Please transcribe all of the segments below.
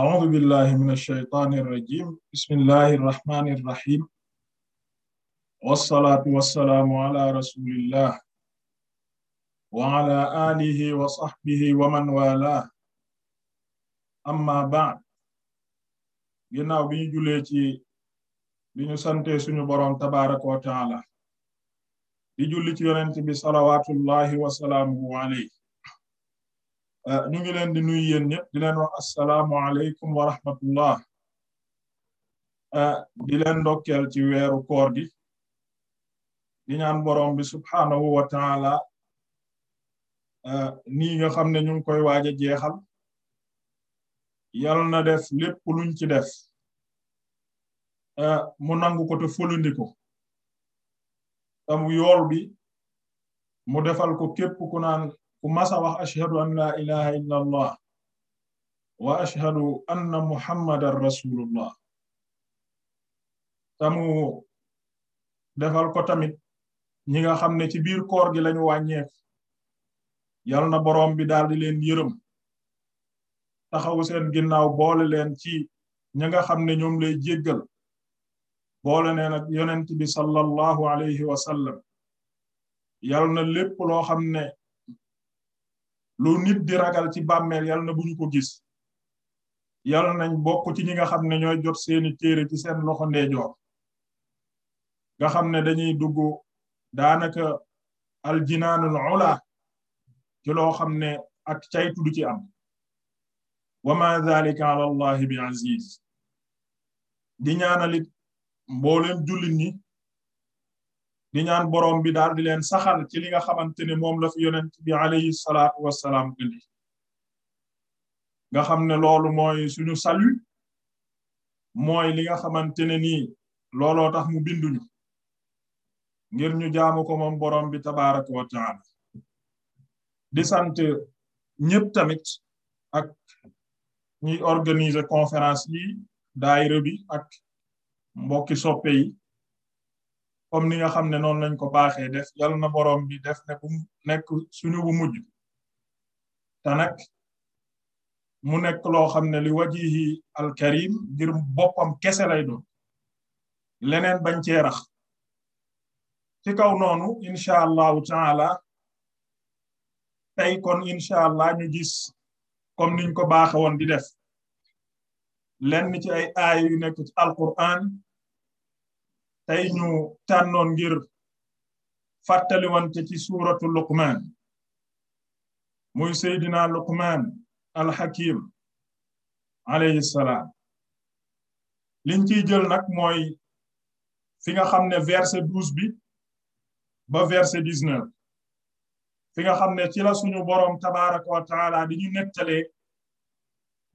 أعوذ بالله من الشيطان الرجيم بسم الله الرحمن الرحيم والصلاة والسلام على رسول الله وعلى آله وصحبه ومن والاه أما بعد ginnaaw bi ñu julee ci bi ñu sante suñu boroom tabaraka wa taala di julli ci yonent bi salawatullahi wa salaamuhu alayhi Euh, ñu ngi leen di nuyu yéen ñëpp di leen wax asalaamu aleykum wa rahmatullah euh, di leen ndokkeel ci weeru koor gi di ñaan borom bi subhaanahu wa taala euh, nii nga xam ne ñu ngi koy waaj a jeexal yal na def lépp luñ ci def mu nangu ko te fulundiko tam yool bi mu defal ko képp ku naan ku masa wax ashhadu an la ilaha illa allah wa ashhadu anna muhammadan rasulullah tamu defal ko tamit ñi nga xam ne ci biir koor gi lañu wàññeeku yal na boroom bi daal di leen yërëm taxawu seen ginnaaw boole ci ñi nga xam ne ñoom lay jéggal boole nee nag yonent bi sallallahu alayhi wa sallam yal na lépp xam ne lu nit di ragal ci bàmmeel yàlla na bu ñu ko gis yàlla nañ bokk ci ñi nga xam ne ñooy jot seeni téere ci seen loxo ndeejoor nga xam ne dañuy dugg daanaka aljinaanul ula ci loo xam ne ak caytu du ci am wa ma zalika bi aziz di ñaanalit mbooleen jullit ñi di ñaan borom bi daal di leen saxal ci li nga xamante ni moom la fi yonent bi alayhi salaatu wassalaam indi nga xam ne loolu mooy suñu salut mooy li nga xamante ne nii looloo tax mu binduñu ngir ñu jaamu ko moom borom bi tabaraka wa taala di sant ñëpp tamit ak ñuy organiser conférence bi daayira bi ak mbokki soppe yi comme ni nga xam ne noonu lañ ko baaxee def yal na boroom bi def ne bu nekk suñu bu mujj mu nekk loo xam ne li wajihi alkarim ngir boppam kese lay doon leneen bañ cee ci kaw noonu incha allahu taala tey kon incha allah ñu gis comme niñ ko baaxe woon di def lenn ci ay aaya yu nekk ci alquran tey ñu tànnoon ngir fàttaliwante ci suuratu luqmaan muy seydina luqmaan alxakim alayhi salaam liñ ciy jël nag mooy fi nga xam ne verset douze bi ba verset dix-neuf fi nga xam ne ci la suñu boroom tabaraka wa taala di ñu nettalee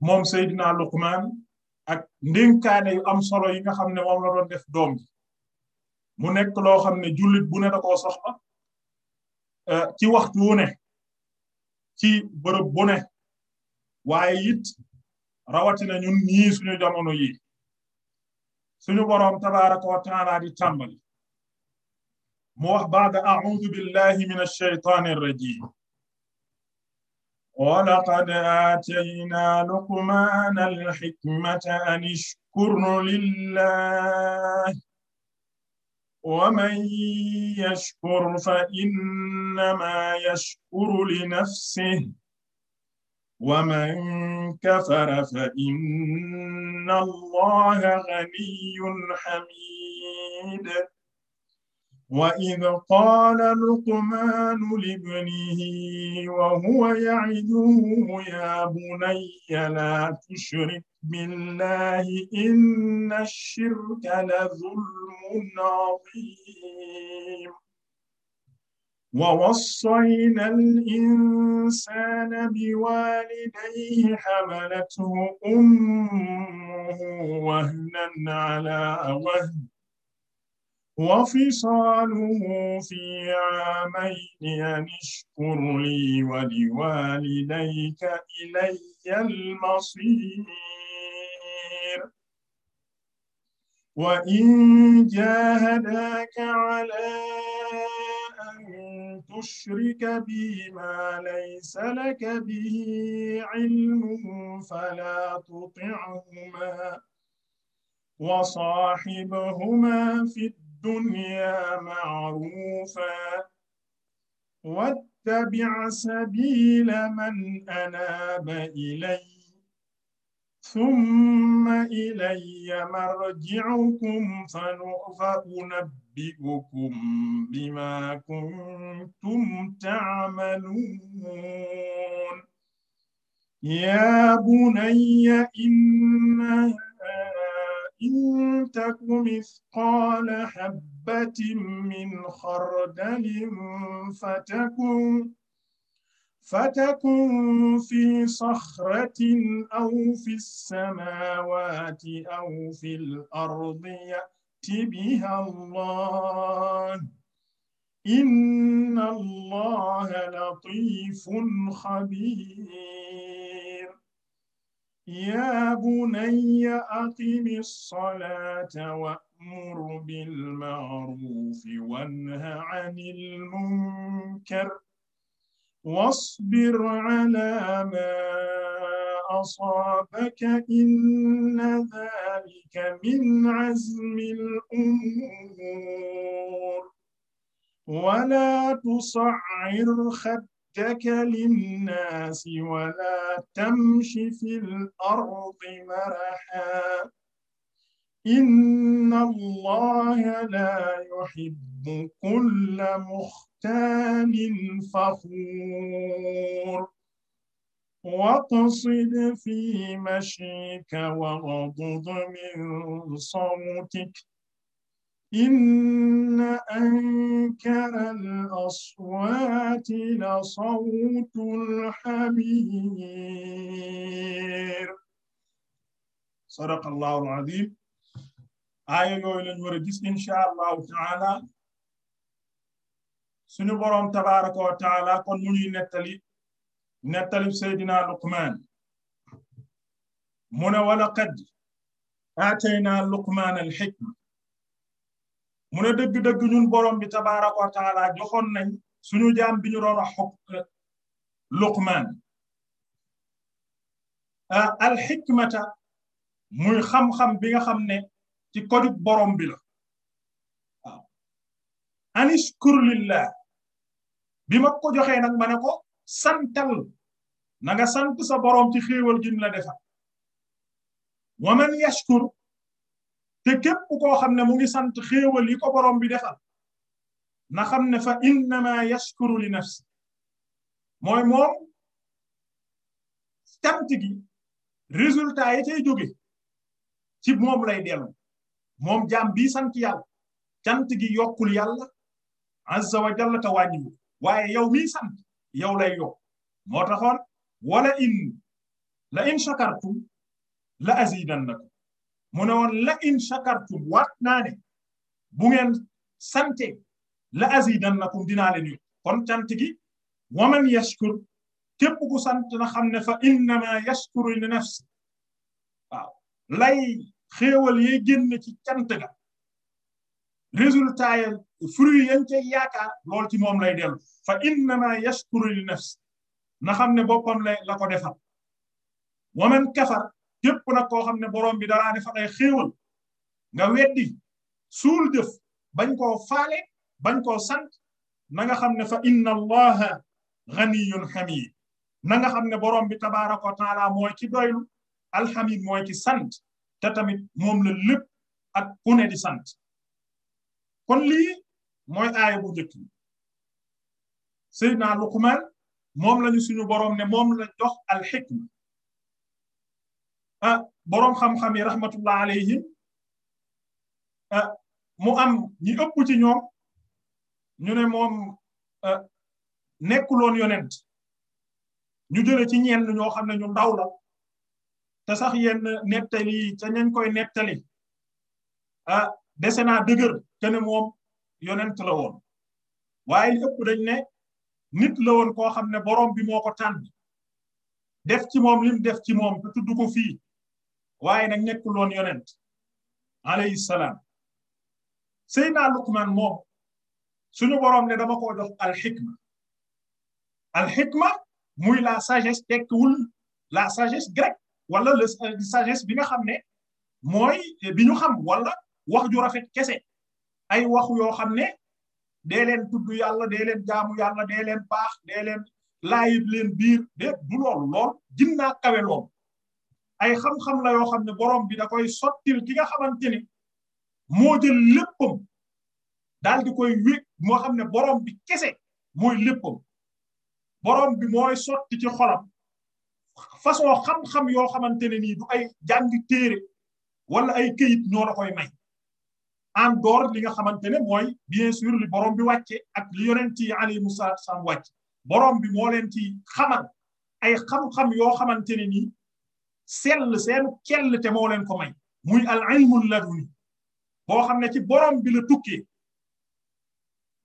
moom seydina luqmaan ak ndénkaane yu am solo yi nga xam ne moom la doon def doom mu nekk loo xam ne jullit bu ne da koo soxla eh, ci waxtu wu ne ci bërëb bu ne waaye it rawatina ñun ñii suñu jamono yi suñu boroom tabaraka wa taala di tàmbali mu wax baada audu billahi min alsheytani arrajim ولقد آتينا لقمان الحكمة أن اشكر لله ومن يشكر فإنما يشكر لنفسه ومن كفر فإن الله غني حميد وإذ قال لقمان لابنه وهو يعده يا بني لا تشرك بالله إن الشرك لظلم عظيم ووصينا الإنسان بوالديه حملته أمه وهنا على وهن وفصاله في عامين أن اشكر لي ولوالديك إلي المصير وإن جاهداك على أن تشرك بي ما ليس لك به علم فلا تطعهما وصاحبهما في الدنيا الدنيا معروفا واتبع سبيل من أناب إلي ثم إلي مرجعكم فأنبئكم بما كنتم تعملون يا بني إنها وإن تك مثقال حبة من خردل فتكن فتكن في صخرة أو في السماوات أو في الأرض يأت بها الله إن الله لطيف خبير يا بني أقم الصلاة وأمر بالمعروف وانه عن المنكر واصبر على ما أصابك إن ذلك من عزم الأمور ولا تصعر خدك خدك للناس ولا تمش في الأرض مرحا إن الله لا يحب كل مختال فخور واقصد في مشيك وغضض من صوتك إن أنكر الأصوات لصوت الحمير صدق الله العظيم aaya yooyu lañ war a gis incha allahu taala suñu boroom tabaraka wa taala kon mu ñuy nettali nettalib Seydina Luqmaan mu ne walaqad aataynaa Luqmaan al xikma mu ne dëgg-dëgg ñun borom bi tabaaraka wa taala joxoon nañ suñu jaam bi ñu doon wax luqmaan alxikmata muy xam-xam bi nga xam ne ci kojug borom bi la waaw anishkur lillah bi ma ko joxee nag ma ne ko santal na nga sant sa borom ci xéewal gi mu la defal wa man yashkur te képp koo xam ne mu ngi sant xéewal yi ko borom bi defal na xam ne fa innama yashkuru li nafsi mooy moom cant gi résultat yi cay jóge ci moom lay dellu moom jaam bii sant yàlla cant gi yokkul yàlla azza wa jalla te wàññiwu waaye yow mii sant yow lay yokk moo taxoon wala in la in shakartum la azidannakum mu ne woon la in shakartum waat naa ne bu ngeen sante la azidannakum dinaa leen yokk kon cant gi waman yashkur képp ku sant na xam ne fa innama yashkuru li nafsi waaw lay xéewal ci cant ga résultat ya fruit yañ cay yaakaar lool ci moom lay dellu fa innama yashkuru li nafsi na xam ne boppam lay la ko defal waman kafar képp nag koo xam ne borom bi danaa def ay xéewal nga weddi suul jëf bañ koo faale bañ koo sant na nga xam ne fa inna allaha ganiyun xamid na nga xam ne borom bi tabaraka wa taala mooy ci doylu alxamid mooy ci sant te tamit moom la lépp ak ku sant kon lii mooy aaya bu njëkk bi Seydina Luqmaan moom lañu suñu borom ne moom la jox alxikma Ah, boroom xam-xam yi rahmatullah alayhim ah mu am ñi ëpp ci ñoom ñu ne moom ah, nekkuloon yonent ñu jële ci ñenn ñoo xam ne ñu ndaw la te sax yenn nettali ca koy nettali a ah, dese naa dëgër te ne moom yonent la woon waaye ëpp dañ ne nit la woon koo xam ne boroom bi moo ko tànn def ci moom lim def ci moom te tudd ko fii waaye nag nekkul woon yonent alayhi salaam Seydina Luqman moom suñu borom ne dama koo jox alxikma alxikma muy la sagesse tekkiwul la sagesse grecque wala la sagesse bi nga xam ne mooy bi ñu xam wala wax ju rafet kese ay wax yoo xam ne de leen tudd yàlla de leen jaamu yàlla de leen baax de leen laayib leen biir de du loolu lool ginnaa kawe lool ay xam-xam la yoo xam ne borom bi da koy sottil ki nga xamante ni moo jël léppam daal di koy wéeg moo xam ne borom bi kese mooy léppam borom bi mooy sotti ci xolam façon xam-xam yoo xamante ne nii du ay jàngi téere wala ay kayit ñoo la koy may en dehors li nga xamante ne mooy bien sûr li borom bi wàcce ak li yonent yi alayhi musa sam wàcce borom bi moo leen ci xamal ay xam-xam yoo xamante ne nii sell seen kell te moo ko may muy al ilmun laduni boo xam ne ci borom bi la tukkee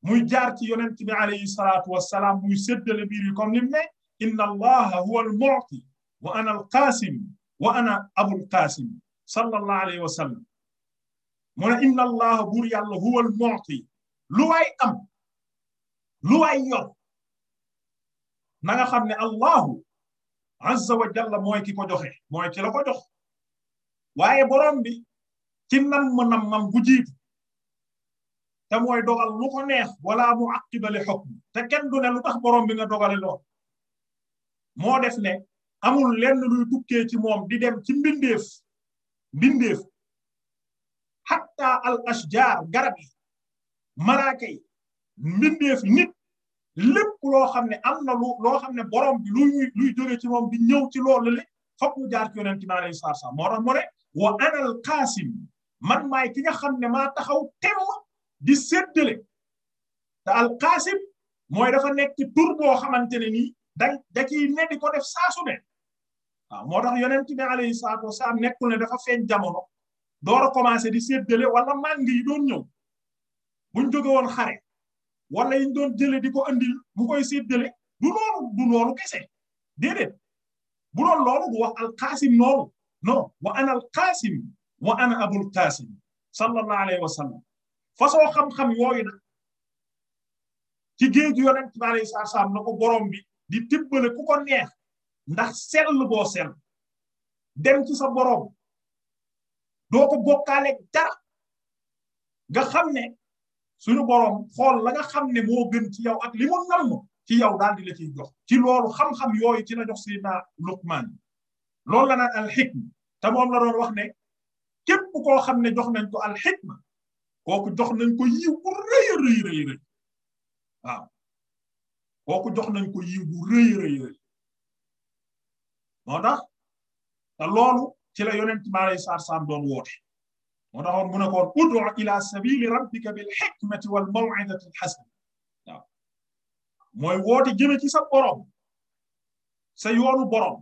muy jaar ci yonent bi alayhi salaatu wassalaam muy séddale biir yi comme ni mu ne inna allaha huwa al mu'ti wa ana al qasim wa ana abul qasim wa sallam mu ne inna allaha buur yàlla huwa al yor na xam ne allahu azza wa jalla mooy ki ko joxe mooy ki la ko jox waaye borom bi ci nam mu nam mam bu jiitu te mooy dogal lu ko neex wala mu aqiba li xukm te kenn du ne lu tax borom bi nga dogale lool moo def ne amul lenn luy tukkee ci moom di dem ci mbindeef mbindeef xatta al ashjar garab yi malaaka yi mbindeef nit lépp loo xam ne am na lu loo xam ne borom bi luy luy ci moom di ñëw ci loolu le fokk mu jaar ci yonent bi alayhi salaatu salaam moo tax mu ne wa man maay ki nga xam ne maa taxaw temm di séddale al qaasim mooy dafa nekk ci tur boo xamante ne nii da da ciy ne ko def saa su ne waaw moo tax yonent bi alayhi salaatu nekkul ne dafa feeñ jamono door a commencé di séddale wala maa ngi doon ñëw buñ jóge woon xare wala yi ñu doon jëlee di ko andil bu koy séddale du loolu du loolu kese déedéet bu doon loolu bu wax alqaasim noonu non wa ana alqaasim wa ana abul qaasim sallallahu alayhi wa sallam façon xam-xam yooyu nag ci géeju yonent bi alayhi salaatu salaam ko borom bi di tibbale ku ko neex ndax sell boo sell dem ci sa borom doo ko bokkaaleeg dara nga xam ne. suñu borom xool la nga xam ne moo gën ci yow ak li mu nam ci yow daal di le ciy jox ci loolu xam-xam yooyu ci la jox Seydina Luqmaan loolu la naan alxikma te moom la doon wax ne képp ko xam ne jox nañ ko alxikma kooku jox nañ ko yiw bu rëy rëy rëy rëy waaw kooku jox nañ ko yiw bu rëy rëy rëy moo te loolu ci la yonent bi alayhi salaam doon woote moo taxoon mu ne koon udu ila sabili rabbika bil hikmati wal maw'izati al hasana waaw mooy woote jëme ci sa borom sa yoonu borom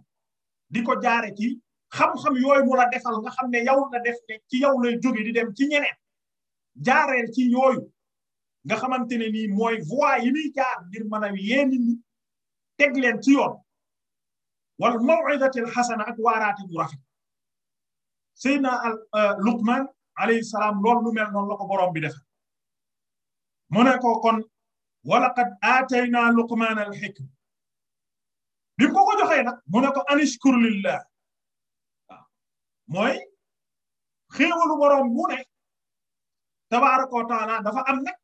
di ko jaare ci xam-xam yooyu mu la defal nga xam ne yow la def ne ci yow lay jóge di dem ci ñeneen jaareel ci yooyu nga xamante ne nii mooy voie yi muy jaar ngir mën a yéen ni leen ci yoon wal maw'izatil hasana ak waaraate bu rafet Seydina euh, Luqman alayhi salaam loolu lu mel noonu la ko borom bi defal mu ne ko kon walaqad aataynaa luqmaana al xikma bi ko ko joxee nag mu ne ko anishkur lillah mooy xéewalu borom mu dafa am nag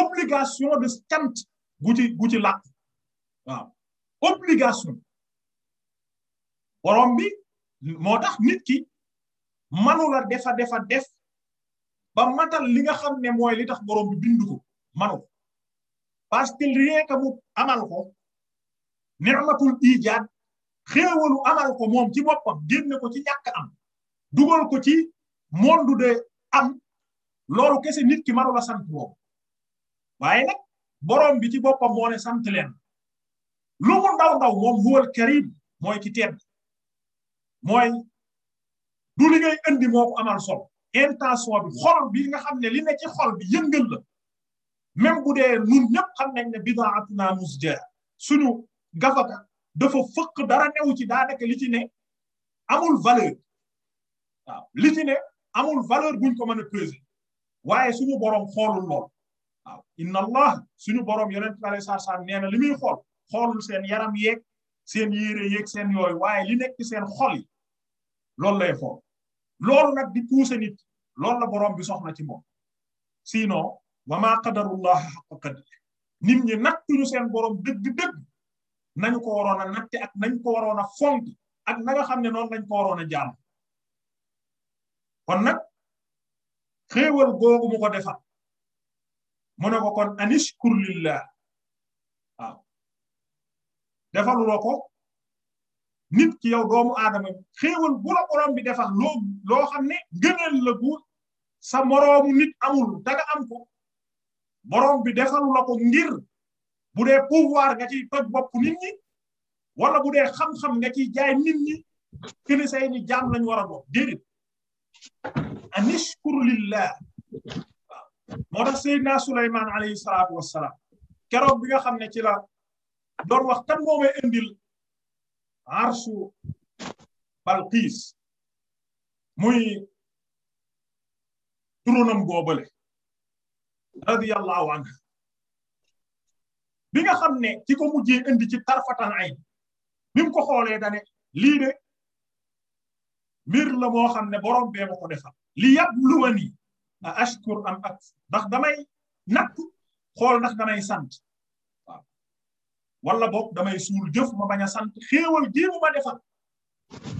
obligation de cant moo tax nit ki manu defa defa def ba matal li nga xam ne mooy li tax borom bi bind ko manu ko parce que rien que mu amal ko ni'matul ijaad xéewalu amal ko moom ci boppam génne ko ci ñàkk am dugal ko ci monde de am loolu kese nit ki manu la sant boobu waaye nag borom bi ci boppam moo ne sant leen ndaw ndaw moom huwal karim mooy ki tedd mooy du li ngay indi moo ko amal solo intention bi xol bi nga xam ne li ne ci xol bi yëngal la même bu dee ñun ñëpp xam nañ ne bidaatuna musja suñu gafaka dafa fëkk dara newu ci daanaka li ci ne amul valeur waaw li ci ne amul valeur buñ ko mën a peser waaye suñu borom xoolul lool waaw inna allah suñu borom yonent bi alayhi salaatu salaam nee na li muy xool xoolul seen yaram yeeg seen yére yeeg seen yooyu waaye li nekk ci seen xol yi loolu lay xool. loolu nag di pousser nit loolu la borom bi soxna ci moom sino wa maa qadarullah xaqa qadri nit ñi nattuñu seen borom dëgg-dëgg nañu ko waroon a natte ak nañu ko waroon a fonk ak naga xam ne noonu lañ ko waroon a jaam kon nag xéewal googu mu ko defal mu ne ko kon anishkur lillah waaw defaluloo ko nit ki yow doomu aadama xéewal bu la borom bi defal loo loo xam ne gëneel la bu sa moroomu nit amul danga am ko borom bi defalu la ko ngir bu dee pouvoir nga ciy toj bopp nit ñi wala bu dee xam-xam nga ciy jaay nit ñi kilisa yi ni jaam lañu war a doon déedéet anishkur lillah moo tax Seydina Souleymane alayhi salaatu wassalaam keroog bi nga xam ne ci la doon wax kan moo may indil arsu balqiis muy turunam boobale radiyallahu anha bi nga xam ne ci ko mujjee indi ci tarfatan ay bi mu ko xoolee dane lii de mbir la moo xam ne borom bee ma ko defal li yabluwani a ashkur am ak ndax damay natt xool ndax damay sant wala boog damay suul jëf ma bañ a sant xéewal ji mu ma defal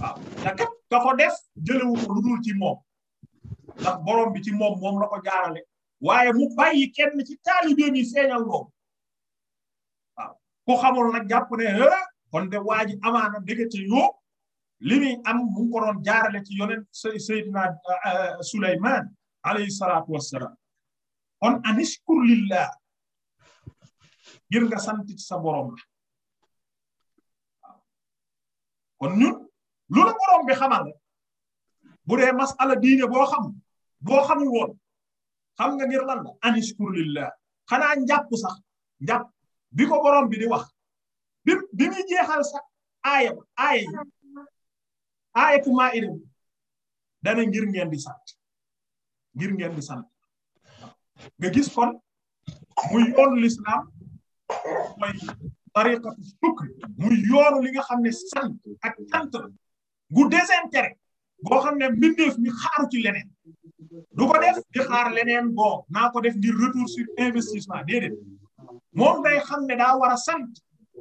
waaw te kat ka ko def jëlewu ko lu dul ci moom ndax borom bi ci moom moom la jaarale waaye mu bàyyi kenn ci taalibeem yi seeñal loolu waaw ku xamul nag jàpp ne kon de waa ji amaana dëggate yoo li muy am mu ngi ko doon jaarale ci yonent Seydina euh, Souleymane alayhi salaatu wassalaam kon anishkur lillah ngir nga sant ci sa borom la waaw kon ñun loolu borom bi xamal bu dee masala diine boo xam boo xamul woon xam nga ngir lan la anishkur lillah xanaa njàpp sax njàpp bi ko borom bi di wax bi bi muy jeexal sax aaya aaya yi aayatu maa idam dana ngir ngeen di sant ngir ngeen di sant nga gis kon muy yoonu l'islam mooy tariqatu sukri muy yoonu li nga xam ne sant ak sant la gu désintérêt goo xam ne mbindeef mi xaaru ci leneen du ko def di xaar leneen boo naa ko def ngir retour sur investissement déedéet moom day xam ne daa war a sant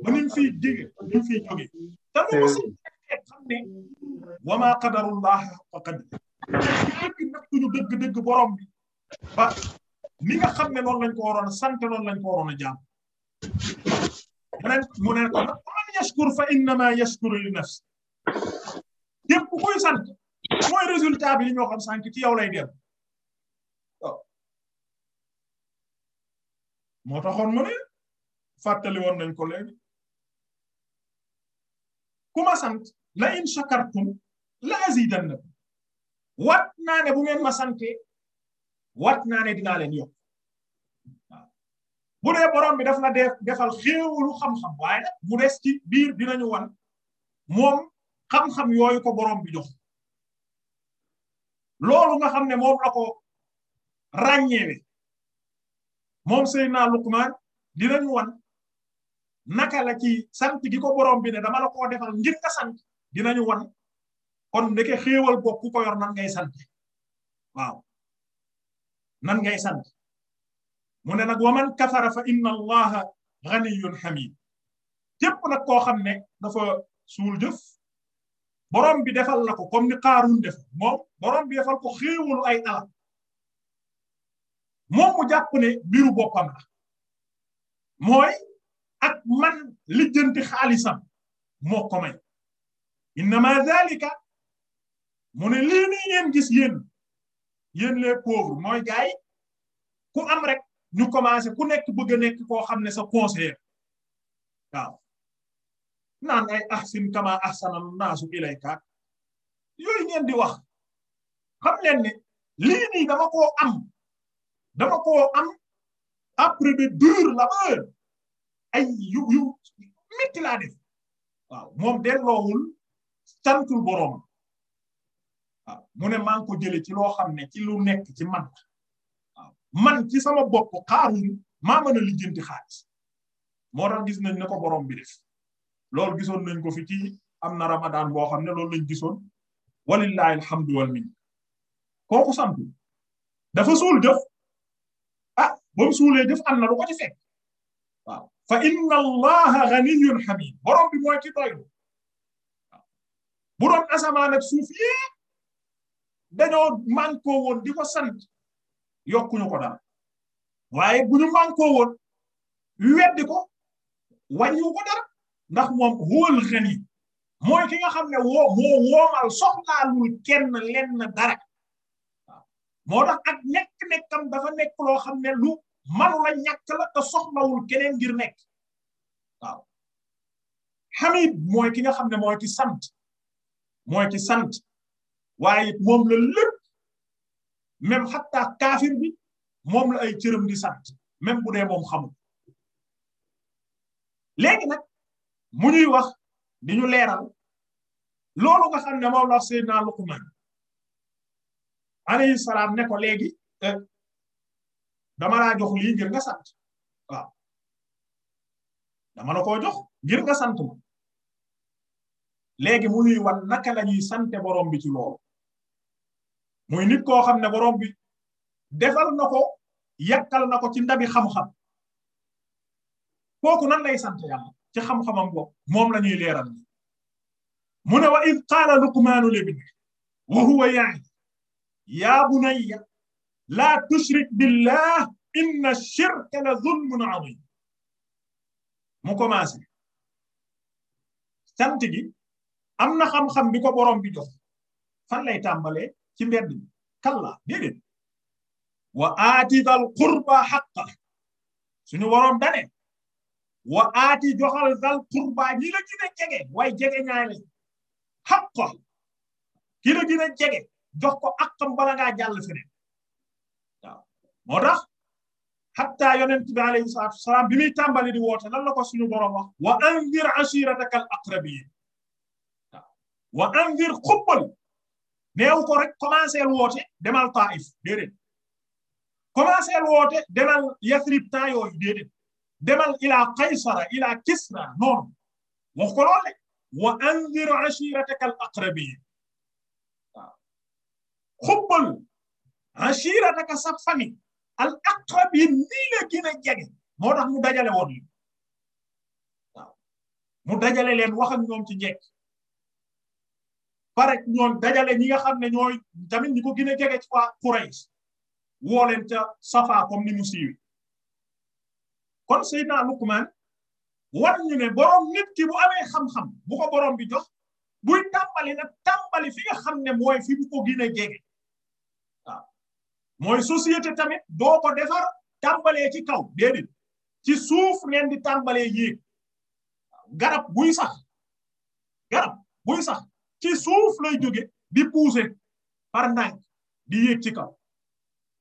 ba ni mu fiy jóge ni mu fiy jóge te lu ko sant xam ne wa maa qadarullah xaqa qadri dëgg nattuñu xam ne noonu lañ ko waroon a sant noonu lañ ko waroon a jàmm mu ko man yashkur fa innama yashkuru li nafsi yëpp ku koy sant mooy résultat bi li ñoo xam sànq ci yow lay dem waaw moo taxoon mu ne fàttali woon nañ ko léegi ku ma sant la in shakartum la azidannakum wat naa ne bu ngeen ma sante wat naa ne dinaa leen yokk bu dee borom bi def na def defal xéewalu xam-xam waaye nag mu des ci biir dinañu wan moom xam-xam yooyu ko borom bi jox loolu nga xam ne moom la ko ràññeewe moom Seydina Luqman dinañu wan naka la ci sant gi ko borom bi ne dama la koo defal ngir nga sant dinañu wan kon ndeke xéewal bokk ku nan ngay sant waaw nan ngay sant mu ne nag wa man kafara fa inna allaha ganiyun hamid képp nag koo xam ne dafa suul jëf borom bi defal la ko comme ni Qaaruun def moom borom bi defal ko xéewalu ay alal moom mu jàpp ne mbiru boppam la mooy ak man lijjanti xaalisam moo ko may innama zalika mu ne lii nii ngeen gis yéen yéen les pauvres mooy gaay ku am rek ñu commencé ku nekk bëgg a nekk koo xam ne sa conseiller waaw naan ay ahsin kama ahsanal naasu ilayka yooyu ngeen di wax xam leen ne lii nii dama koo am dama ko am après de dur labeur ay yu yu métti laa def waaw moom delloowul santul boroom waaw mu ne maa ngi ko jële ci loo xam ne ci lu nekk ci man man ci sama bopp xaaruñu maa mën a lijjanti xaalis moo tax gis nañ ne ko borom bi def loolu gisoon nañ ko fi ci am na Ramadan boo xam ne loolu lañ gisoon walillahi alhamdu wal minna kooku sant dafa suul jëf ah ba mu suulee jëf am na lu ko ci fekk waaw fa inna allaha ganiyyun hamid borom bi mooy ci doylu bu doon asamaan ak suuf yépp dañoo mànkoo woon di ko sant yokkuñu ko dara waaye bu ñu mànkoo woon weddi ko wàññiwu ko dara ndax moom wóol xen yi mooy ki nga xam ne woo moo woomal soxlaalul kenn lenn dara waaw moo tax ak nekk-nekkam dafa nekk loo xam ne lu manu la ñàkk la te soxlawul keneen ngir nekk waaw mooy ki nga xam ne mooy ki sant mooy ki sant waaye moom la lépp même xataa kaafir bi moom la ay cëram di sant même bu dee moom xamul léegi nag mu ñuy wax di ñu leeral loolu nga xam ne moom la Seydina Luqman alayhi salaam ne ko léegi dama laa jox lii ngir nga sant waaw dama la koo jox ngir nga sant ma léegi mu ñuy wan naka la ñuy sante borom bi ci loolu muy nit koo xam ne borom bi defal na ko yàkkal na ko ci ndabi xam-xam kooku nan lay sant yam ci xam-xamam bopp moom la ñuy leeral ni mu ne wa id qaala luqmaanu libni wa huwa yaay yaa bunayya laa tushrik billah inna shirka la zulmun azim mu commencé sant gi am na xam-xam bi ko borom bi to fan lay tàmbalee ci mbedd mi kalla déedéet wa aati dal qurba xaqa suñu waroon dane wa aati joxal dal qurba ñi la jege waaye jege ñaale xaqa ki la jege jox ko àqam bala ngaa jàll feneen waaw moo tax xatta salaatu wasalaam bi muy tàmbali di woote lan la ko suñu borom wax wa andir ashirataka al aqrabin wa andir xubbal neewu ko rek commencé woote demal Taif déedéet commencé woote demal Yathrib temps yooyu déedéet demal ila Qaysara ila Kisra noonu wax ko loole wa anzir ashirataka al aqrabin waaw xubbal ashirataka sa famille al aqrabin nii la gën a moo tax mu dajale woon mu dajale leen wax ak ñoom ci njekk pare ñoo dajale ñi nga xam ne ñooy tamit ñi ko gën a jege ci waa Quraysh woo leen ca Safa comme ni mu kon Seydina Lukman war ñu ne borom nit ki bu amee xam-xam bu borom bi jox buy tàmbali nag tàmbali fi nga xam ne mooy fi mu ko gën a jege waaw mooy société tamit doo ko defar tàmbalee ci kaw déedéet ci suuf ngeen di tàmbalee yéeg garab buy sax garab buy sax. ci suuf lay jóge di pousser par ndànk di yéeg ci kaw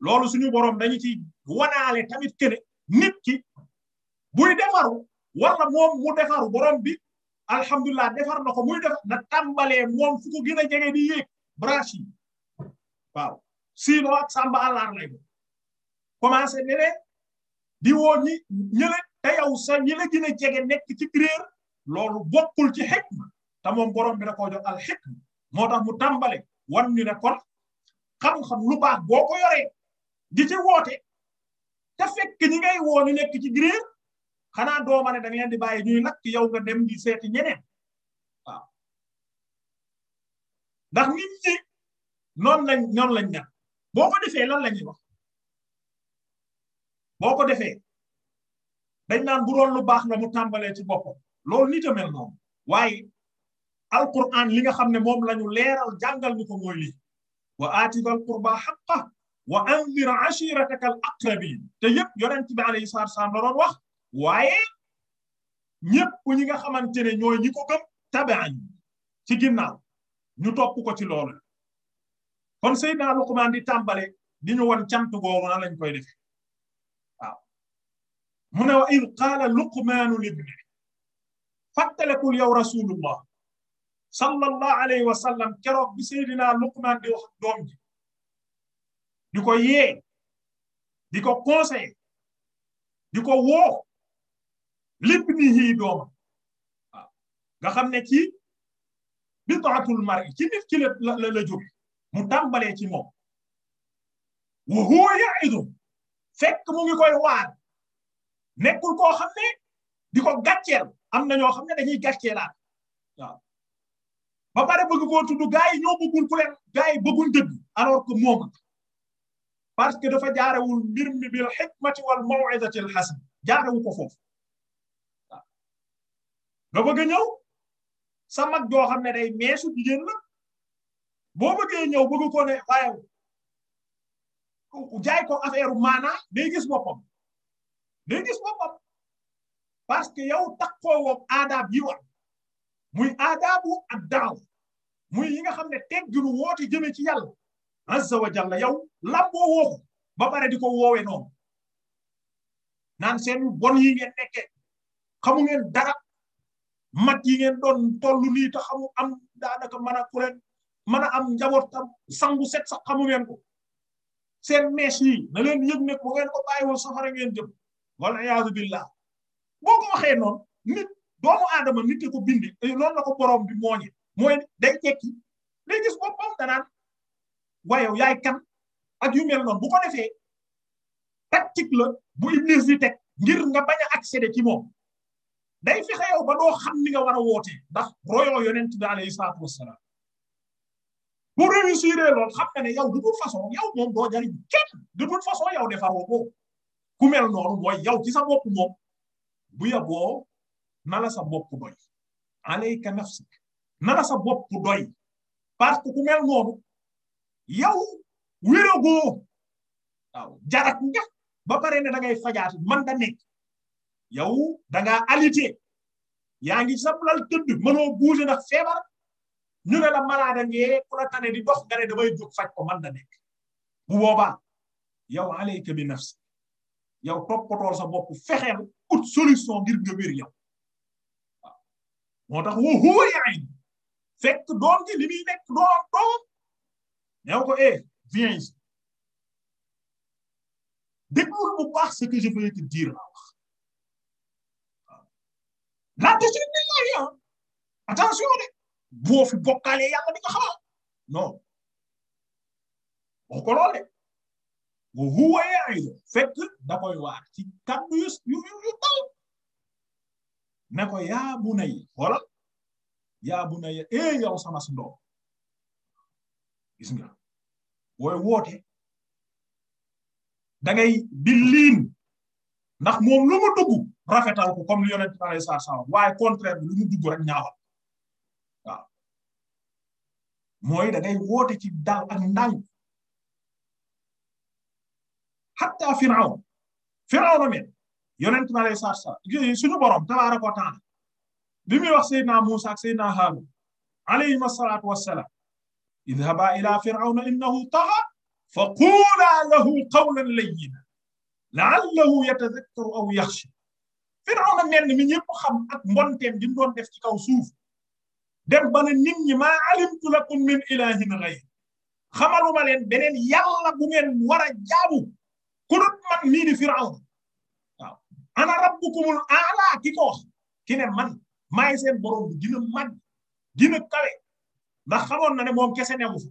loolu suñu borom dañu ci wanaale tamit kene nit ki buy defaru wala moom mu defaru borom bi alhamdulilah defar na ko muy defar na tàmbalee moom fu ko gën a jege bi yéeg branche yi waaw sinon ak sàmba àllaar lay bo di woo ñi ñële te yow sa ñi la jege nekk ci réer loolu bokkul ci xikma te moom borom bi da koo jox moo tax mu tàmbale wan na ne kon xam-xam lu baax boo ko yoree di ci woote te fekk ñi ngay woo ñu ki ci gréer xanaa dooma ne da leen di bàyyi ñuy lakk yow nga dem gi seeti ñeneen waaw ndax nit ñi noonu lañ noonu lañ nag boo ko defee lan la ñuy wax boo ko defee dañ naan bu lu baax la mu tàmbalee ci boppam loolu nit a mel alquran li nga xam ne moom lañu leeral jàngal ñu ko mooy lii wa aatidal qurba xaqa wa andir achirataka al aqrabin te yëpp yonent bi alayhi salaatu wasalaam la doon wax waaye ñëpp ñi nga xamante ne ñooy ñi ko gëm tabaan ci ginnaaw ñu topp ko ci loolu kon Seydina Luqmaan di tàmbale di ñu won cant googu lañ koy defe waaw mu ne wa id qaala luqmaanu libni fàttalikul yow rasulullah sallallahu alayhi wa sallam keroog bi Seydina Luqman di wax doom ji di ko yee di ko conseiller di ko woo lépp ni yii doomam waaw nga xam ne ci di bitaatul mari ci nit ci la la la jóge mu tàmbalee ci moom wa huwa yaidu fekk mu ngi koy waar nekkul koo xam ne di ko gàcceel am na ñoo xam ne dañuy gàcceelaat ba pare bëgg koo tudd gars yi ñoo bëggul ku leen gars yi dëgg alors que moom parce que dafa jaarewul mbir mi bil xikmati wal mawizati al xasan jaarewu ko foofu waaw bëgg a ñëw sa mag xam ne day meesu jigéen la boo bëggee ñëw bëgg ko ne waaye jaay ko affaire maana day gis boppam day gis boppam parce que yow takkoo woog aadaab yi war muy aadaabu ak daaw muy yi nga xam ne tegginu woote jëmee ci yàlla azza wa jalla yow lamboo wooku ba pare di ko woowee noonu naan seen bon yi ngeen nekkee xamu ngeen dara mat yi ngeen doon tollu nii xamu am daanaka mën a ku mën a am njaboot tam sangu set sax xamu ngeen ko seen mees yi na leen yëg ne bu ngeen ko bàyyi woon safara ngeen jëm wala iyaazu billah boo ko waxee nit doomu aadama nit ko bindi loolu na ko boroom bi mooñe mooy day tekki day gis boppam danaan waaye yow yaay kan ak yu mel noonu bu ko defee tactique la bu Iblis di teg ngir nga bañ a accéder ci moom day fexe yow ba doo xam ni nga war a wootee ndax royoo yonent bi alayhi salaatu wassalaam bu réussir lool xam nga ne yow de toute façon yow moom doo jariñ kenn de toute façon yow defaroo ko ku mel noonu mooy yow ci sa bopp moom bu yaboo na la sa boppu doy alayka nafsik na sa bopp doy parce que ku mel noonu yow wéragoo waaw jarak nga ba pare ne da ngay fajaat man da nekk yow da ngaa alité yaa ngi sablal tëdd mënoo bouger ndax feebar ñu ne la malade ngee ku la tane di dox nga ne damay jóg faj ko man da nekk bu boobaa yow alayka bi nafsik yow toppatoo sa boppu fexeel ut solution ngir nga wér yow moo tax woo woo yaay fekk doom ji li muy nekk doom doom ko eh viens ici déglul bu baax ce que je vais te la wax laa tashrik billahi attention de boo fi bokkaale yàlla di nga xamal non wax ko lool yaay fekk da waar ci kàddu yu yu yu taw ne ko yaa bu nay xoolal yaa bu nay eh yow sama si ndoom gis nga booy woote da ngay di ndax moom lu mu dugg rafetal ko comme li yonent bi alayhi salaatu waaye contraire lu mu dugg rek ñaawal waaw mooy da ngay ci dal ak ndànk xatta Firawn Firawn a mel yonent bi alayhi salaatu salaam suñu borom tabaaraka wa taala bi muy wax Seydina Muusa ak Seydina Haaruun alayhima salaatu wassalaam idhabaa ila firawna innahu taghaa fa quulaa lahu qawlan layyinan la'allahu yatadhakkaru aw yaxsha firawna menn mi ñëpp xam ak mbonteem gi mu doon def ci kaw suuf dem ba ne nit ñi maa alimtu lakum min ilaahin ghayri xamaluma leen beneen yàlla bu ngeen war a jaabu ku dul man mii di firawna ana rabbukumul aala ki ko wax ki ne man maay seen borom bi dina mag dina kawe ndax xamoon na ne moom kese newu fa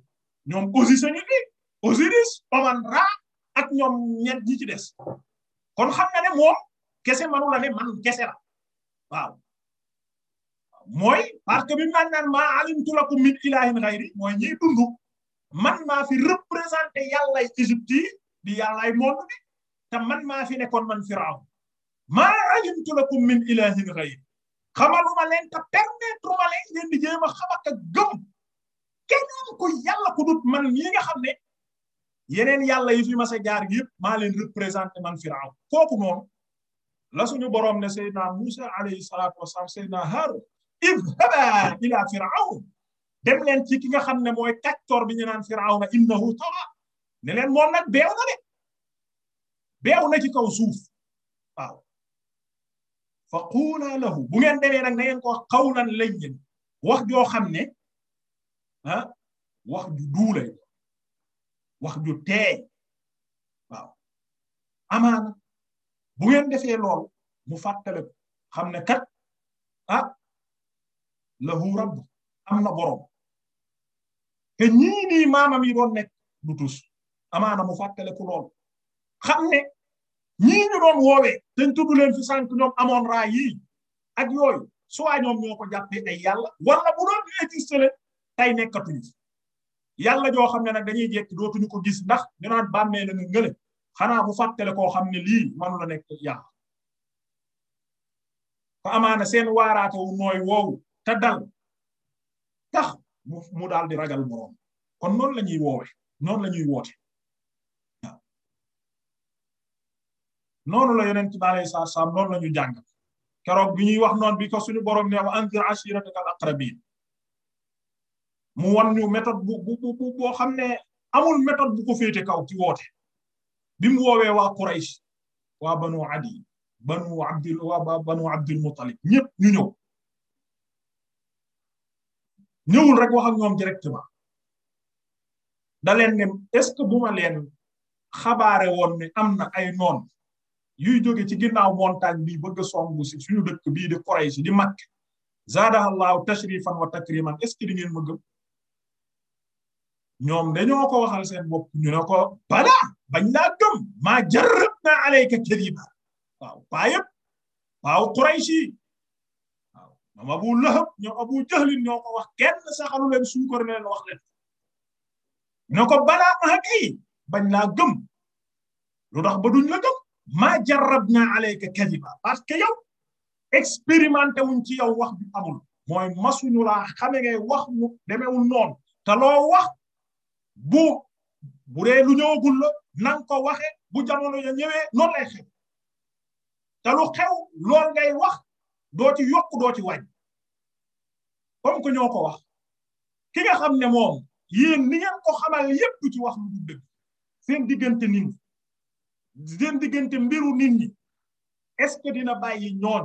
ñoom position ñu fi Osiris Oman Ra ak ñoom ñett ñi ci des kon xam na ne moom kese man la ne man kese la waaw mooy parce que bi mu naan naan maa alimtu lakum min ilahin xayri mooy ñiy dund man maa fi représenté yàllay Égypte yi di yàllay monde bi te man maa fi nekkoon man Firawn maa ajibtu lakum min ilahin ghayr xamaluma leen te permettre ma leen ngeen di jéem a xam ku yàlla ku dut man yi nga xam ne yeneen yàlla yi fi mas a jaar yëpp maa leen représenté man Firaaw kooku noonu la suñu borom ne Seydina Musa alayhi salaatu wa ila Firaaw dem leen ci ki nga xam ne mooy kàccoor bi ñu naan Firaaw na innahu tawa ne leen moom nag na de beew na ci kaw suuf waaw fa quulaa lahu bu ngeen demee nag na ngeen ko wax qawlan layyin wax joo xam ne ah wax ju duulay wax ju teey waaw amaana bu ngeen defee loolu mu fàttale xam ne kat ah lahu rabb am na boroom te ñii nii maamam yi doon nekk du tus amaana mu fàttale ku lool xam ne ñii ñu doon woowee dañ tudd leen fi ñoom amoon raa yii ak yooyu soit ñoom ñoo ko jàppee ay yàlla wala bu doon ñu existé leen tey nekkatuñu yàlla joo xam ne nag dañuy jekki dootuñu ko gis ndax ñu naan bàmmee na nga xanaa bu fàttale koo xam ne lii manu la nekk yàlla fa amaana seen waaraate wu nooy woowu te dal tax mu daal di ragal boroom kon noonu la ñuy woowe noonu la ñuy woote noonu la yeneen bi alayhi salaatu salaam noonu la ñu jàng keroog bi ñuy wax noon biko ko suñu borom ne wa anzir ashiratak al aqrabin mu wan ñu méthode bu bu bu boo xam ne amul méthode bu ko féete kaw ci woote bi mu woowee waa Quraysh waa banu Adi banu Abdul waa banu Abdul Muttalib ñëpp ñu ñëw ñëwul rek wax ak ñoom directement da leen ne est-ce que bu ma leen xabaare woon ne am na ay noon yuy jóge ci ginnaaw montagne bi bëgg a songu si suñu dëkk bii di Quraysh di Makk zaadahallahu tashrifan wa takriman est ce que di ngeen ma gëm ñoom dañoo ko waxal seen bopp ñu ko bala bañ laa gëm ma jarrab na alayka kadiba waaw paa yëpp waaw Quraysh yi waaw ñoom Abu Lahab ñoom Abu Jahlin wax kenn saxalu leen suñ ko leen wax leen ñu ne ko balaa maa kay bañ laa gëm ba duñ la gëm maa jarab naa alayka kadiba parce que yow expérimenté wuñ ci yow wax bi amul mooy masuñu laa xame ngay wax mu demewul noon te loo wax bu bu dee lu ñëwagul la na nga ko waxe bu jamono ya ñëwee noonu lay xew lu xew lool ngay wax doo ci yokk doo ci wàññi comme que ñoo ko wax ki nga xam ne moom yéen ni ngeen ko xamal yépp ci wax lu dul dëgg seen diggante nit seen diggante mbiru nit ñi est-ce que dina bàyyi ñoon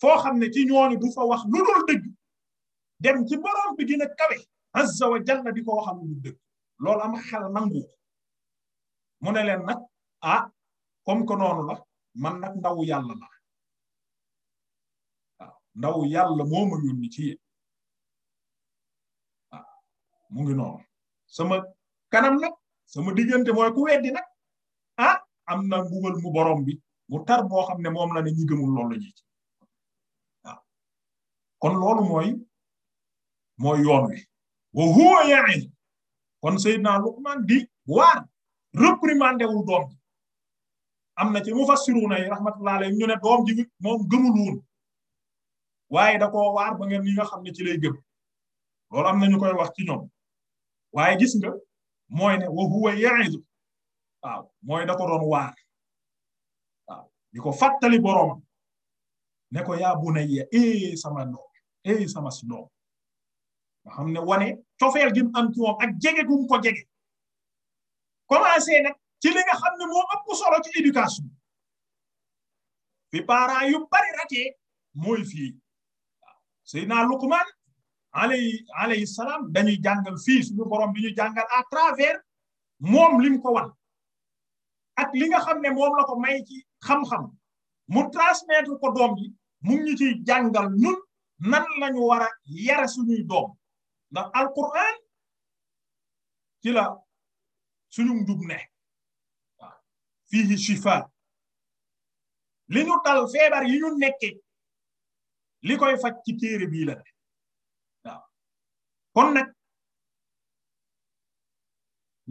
foo xam ne ci ñooñu du fa wax lu dul dëgg dem ci borom bi dina kawe azza wa jalla di ko waxam lu dëgg loolu am xel nangu mu ne leen nag ah comme que noonu la man nag ndawu yàlla la waaw ndawu yàlla moo ma yónni ci yéen waaw mu ngi noonu sama kanam nag sama diggante mooy ku weddi nag ah am na mbugal mu borom bi mu tar boo xam ne moom la ne ñi gëmul loolu ji waaw kon loolu mooy mooy yoon wi wa huwa ya'iz kon Seydina Luqman di waar réprimandé wul doom ji am na ci mufassiruna yi rahmatullahi alayhi ñu ne doom ji moom gëmul woon waaye da ko waar ba ngeen ñi nga xam ne ci lay gëm loolu am na ñu koy wax ci ñoom waaye gis nga mooy ne wa waaw mooy da ko doon waar waaw di ko fàttali boroomam ne ko yaa bunayya eh sama ndoom eh sama ndoom nga xam ne wane cofeel gi ak jege gu mu ko jege commencé na ci li nga xam ne moo ëpp solo ci éducation fi parents yu bari ratee mooy fii waaw Seydina Luqman alayhi alayhi salaam dañuy jàngal fii suñu borom bi ñu jàngal à travers moom lim ko wan ak li nga xam ne moom la ko may ci xam-xam mu transmettre ko doom ji mu ngi ñu ciy jàngal ñun nan lañu war a yare suñuy doom ndax alquran ci la suñu njub ne waaw fiihi shifa li ñu dal feebar yi ñu nekke li koy faj ci téere bii la ne waaw kon nag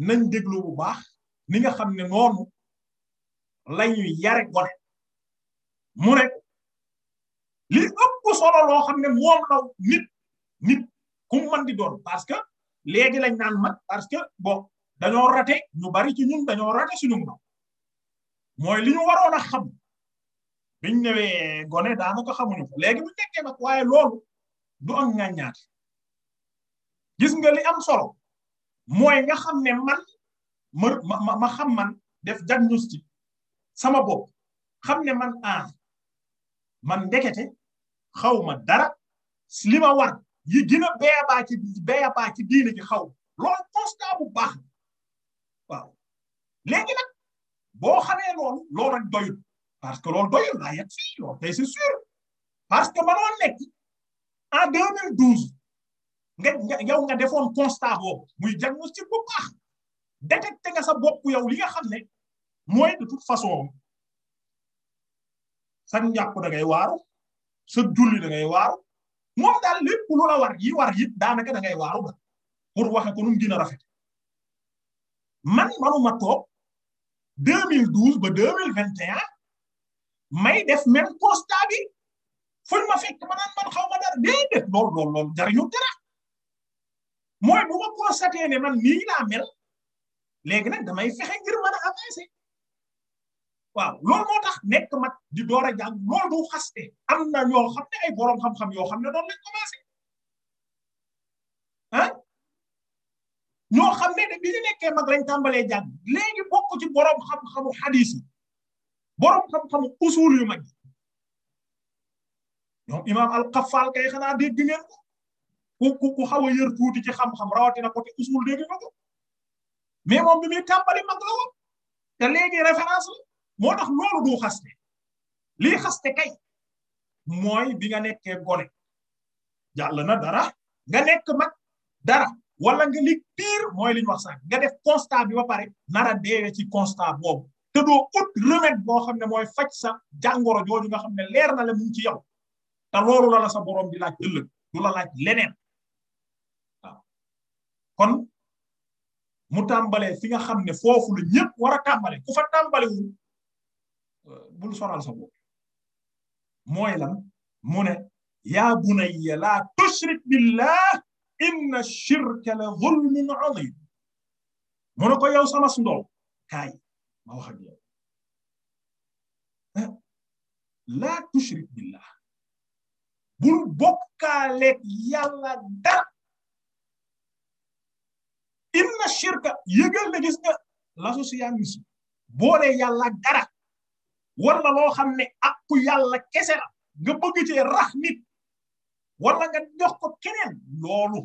nañ déglu bu baax ni nga xam ne noonu la ñuy yare gone mu ne li ëpp solo loo xam ne moom la nit nit ku mën di doon parce que léegi lañ naan mag parce que bon dañoo rate ñu bari ci ñun dañoo rate suñu ndaw mooy li ñu waroon a xam biñ newee gone daanaka xamuñu ko léegi bu nekkee nag waaye loolu du am gis nga li am solo mooy nga xam ne man ma ma ma xam man def diagnostic sama bopp xam ne man ah man ndekete xaw ma dara li ma war yi gën a beebaa ci beebaa ci diine ci xaw loolu constat bu baax waaw léegi boo xamee loolu loolu rek doyul parce que loolu doyul laa yegg fii loolu tey c'est sûr parce que mënoo nekk a 2012 nga yow nga defoon constat boobu muy diagnostic bu baax. détecté nga sa boppu yow li nga xam ne mooy de toute façon sa njàpp da ngay waaru sa julli da ngay waaru moom daal lépp lu la war yi war yi daanaka da ngay waaru ba pour waxe ko nu mu gën a rafet man manuma toog 2012 ba 2021 may def même constat bi fuñ ma fekk ma naan man xaw ma dara déedéet lool lool lool jariñu dara mooy bu ma constaté man nii mel léegi nag damay fexe ngir mën a avancer waaw moo tax nekk mag di door a jàng loolu du xaste am na ñoo xam ne ay borom xam-xam yoo xam ne doon lañ commencé ah ñoo xam ne de bi ñu tàmbalee jàng léegi bokk ci boroom xam-xamu xadis yi borom xam-xamu usul yu mag yi ñoom imaam al-Qaffal kay xanaa dégg ngeen ko ku ku xaw a yër tuuti ci xam-xam rawatina côté usul dégg nga mais moom bi muy tàmbali mag la woon te léegi référence moo tax loolu du xaste lii xaste kay mooy bi nga nekkee gone jàll na dara nga nekk mag dara wala nga li pire mooy li ñu wax nga def constat bi ba pare nara deewe ci constat boobu te doo ut remède boo xam ne mooy faj sa jàngoro jooju nga xam ne leer na la mu ngi ci yow te loolu la la sa borom di laaj ëllëg du la laaj leneen kon mu tàmbalee fi nga xam ne foofu lu ñëpp war a tàmbale ku fa tàmbalewul euh, bul sonal sa bopp mooy lan mu ne yaa bunayya laa tushrik billah inna shirka la zulmun azim mu ne ko yow sama ndow kaay ma wax ak yow eh, laa tushrik billah bul bokkaaleeg yàlla dara inna shirka yëgal na gis nga l'associationnisme boole yàlla dara wala loo xam ne àqu yàlla kese la nga bëgg cee rax nit wala nga jox ko keneen loolu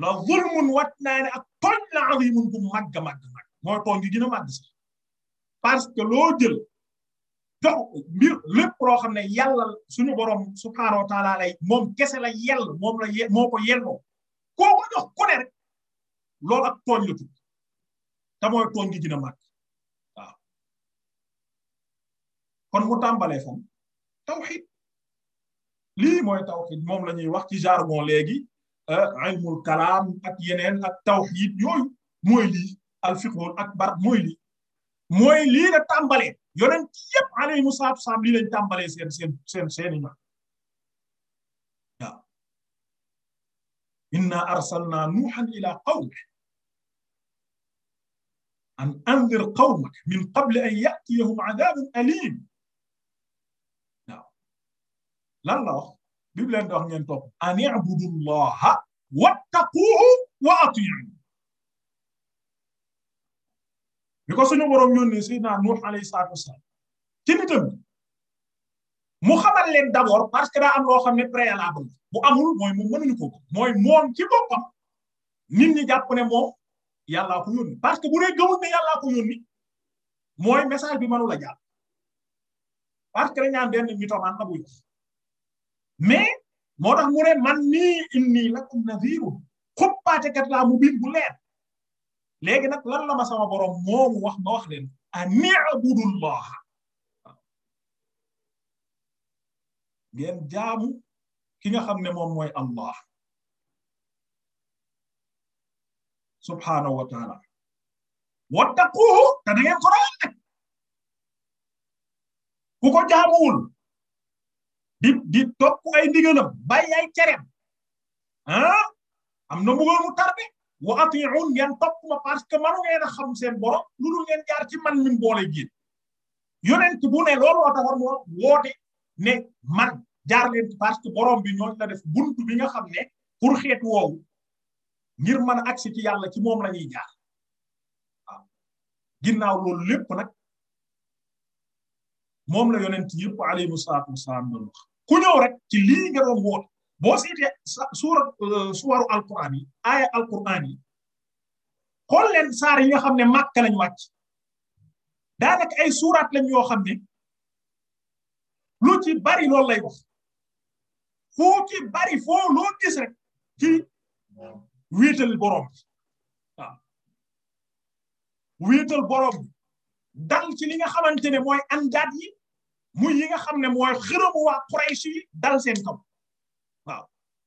la zulmun wat naa ne ak tooñ la azimun bu màgg màgg màgg mooy tooñ gi gën a màgg parce que loo jël jox mbir lépp loo xam ne yàlla suñu borom subhaanahu wa taala lay moom kese la yell moom la moo ko yelloo koo ko jox ku ne rek loolu ak tooñ la tudd te mooy tooñ gi dina màgg waaw kon mu tàmbalee fan tawxid lii mooy tawxid moom lañuy wax ci jargon léegi euh, ilmul kalaam ak yeneen ak tawxid yooyu mooy lii al fiqhul akbar mooy lii mooy lii la tàmbalee yonent yépp alayhimu salaatu wasalaam lii lañ tàmbalee seen seen seen seeni ñoom inna arsalna nuuhan ila qawmi an andir qawmak min qabli an yatiyahum adabun alim waaw lan la wax bi mu leen di wax ngeen topp an ibudu llaha wattaquuhu wa atiiun bi ko suñu borom yónnee Seydina Nuux alayhi salaatu wasalaam ci nitam mu xamal leen d'abord parce que daa am loo xam ne préalable bu amul mooy moom mënuñu ko mooy moom ci boppam nit ñi jàpp ne moom yàllaa ko yónni parce que bu dee gëmul ne yàllaa ko yónni mooy message bi mënul a jàll parce que dañaan benn mythomane abuñ mais moo tax mu ne man nii inni lakum nadhirun xuppaatekat laa mu biin bu leer léegi nag lan la ma sama borom moomu wax ma wax leen ani abudullah ngeen jaamu ki nga xam ne moom mooy Allah subhanahu wa taala wattaquhu te da ngeen ko ragal nag ku ko jaamuwul di di topp ay ndigalam bàyyi ay cereem ah am na mbugal mu tarde wa atiun ngeen topp ma parce que manu ngeen a xam seen borom lu dul ngeen jaar ci man min boole giin yonent bu ne loolu moo taxoon moo woote ne man jaar leen parce que borom bi ñooñu la def buntu bi nga xam ne pour xeetu woowu ngir mën a agsi ci yàlla ci moom la ñuy jaar waaw ginnaaw loolu lépp nag moom la yonent yëpp alayhi salaatu wasalaam doon wax ku ñëw rek ci lii nga doon woote boo seetee suura euh, suwaru alquran yi aaya alquran yi xool leen saar yi nga xam ne màkk lañ wàcc daanaka ay suuraat lañ yoo xam ne lu ci bari lool lay wax foo ci bari foo loo gis rek ci wéetal borom bi waaw wéetal borom dal ci li nga xamante ne mooy andaat yi mu yi nga xam ne mooy xërëmu waa Quraysh yi dal seen kaw waaw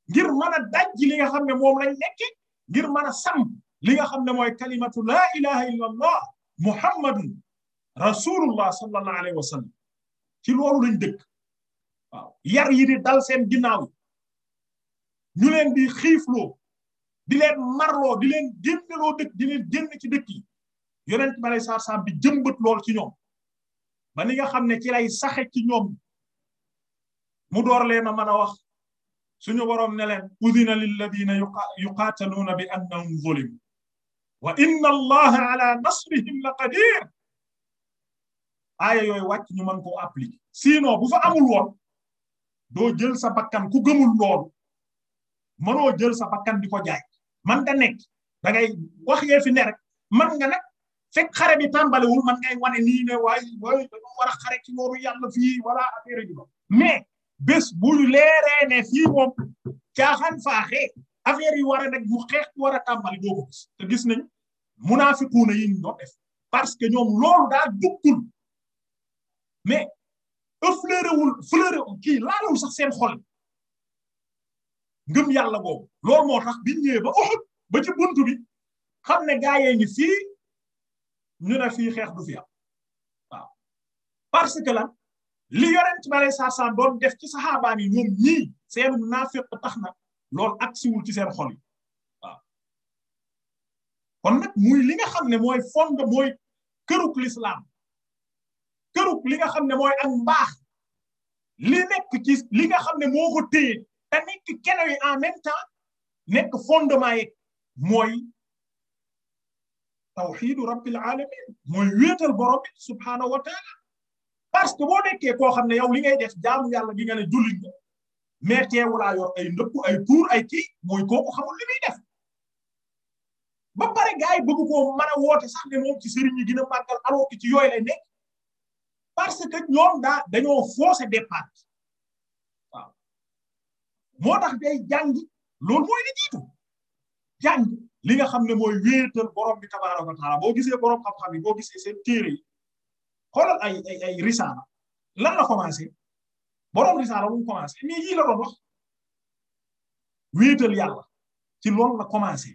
ngir mën dajji li nga xam ne moom lañ nekk ngir mën a sam li nga xam ne mooy kalimatu la ilaha illa allah muhammadun rasulullah sallallahu alayhi wa sallam ci loolu lañ dëkk waaw yar yi di dal seen ginnaaw ñu leen xiif xiifloo di leen marloo di leen génneloo dëkk di leen génn ci dëkk yi yonent bi alei satu salaam bi jëmbat lool ci ñoom ba ni nga xam ne ci lay saxe ci ñoom mu door leen a mën a wax suñu boroom ne leen udina lilladina yuqaataluuna bi annahum zulimu wa inna allaha ala nasrihim la qadir aaya yooyu wàcc ñu man ko appliquer sinon bu fa amul woon doo jël sa bakkan ku gëmul loolu mënoo jël sa bakkan di ko jaay man nga nekk da ngay wax yee fi ne rek man nga nag fekk xare bi tàmbaliwul man ngay wane nii ne waaye waaye xare ci nooru yàlla fii wala affaire yi mais bés bu leeree ne fii moom caaxaan faaxee yi war a nag xeex war a tàmbali doo ko gis te gis nañ munaafiquuna yi ñoo def parce que ñoom loolu daa duggul mais effleuré wul effleuré kii laalul sax seen xol ngëm yàlla boobu loolu moo tax biñ ñëwee ba Uhud ba ci buntu bi xam ne gaa yee ngi fii ñu ne fii xeex du fi am parce que la li yorent ba lay sarsaan doon def ci saxaabaan yi ñoom ñii tax na lool ak siwul ci seen xol yi waaw kon nag muy li nga xam ne mooy fond mooy këruk l'islam kërug li nga xam ne mooy ak mbaax li nekk ci li nga xam ne moo ko téye te nekk keno yi en même temps nekk fondement yi mooy tawxidu rabbil alamin mooy wéetal borom bi subhaanahu parce que boo nekkee koo xam ne yow li ngay def jaamu yàlla gi nga ne jullit nga mais teewulaa yor ay ndëpp ay tuur ay kii mooy kooku xamul li muy def ba pare gars yi bëgg koo mën sax ne moom ci sëriñ yi gën a màggal alors que ci yooyu nekk parce que ñoom daa dañoo faussé départ moo tax day jàng loolu mooy li jiitu jàng li nga xam ne mooy wéetal borom bi tabaaraka boo gisee borom xam-xam yi boo gisee seen téere yi xoolal ay ay ay risaala lan la commencé borom risaala bu mu commencé mais yii la doon wax wéetal yàlla ci loolu la commencé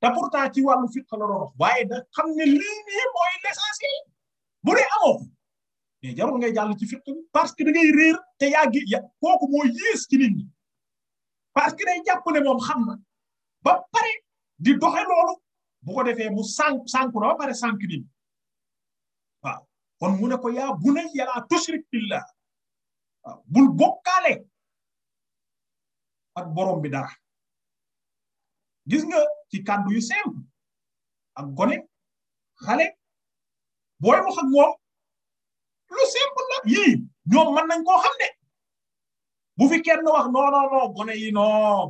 te pourtant ci wàllu fiqh la waaye xam ne lii mooy l'essentiel bu dee amoo mais jarul ngay jàll ci fiq parce que da ngay te yaa gi ya kooku moo yées ci nit ñi parce que day jàpp moom xam na ba pare di doxe loolu bu ko defee mu sànq sànq na ba pare sànq nit ñi waaw kon mu ne ko yaa bunayya laa tushrik billah waaw bul bokkaale ak borom bi dara gis nga ci kàddu yu simple ak gone xale booy wax ak moom lu simple la yii ñoom mën nañ koo xam ne bu fi kenn wax non non non gone yi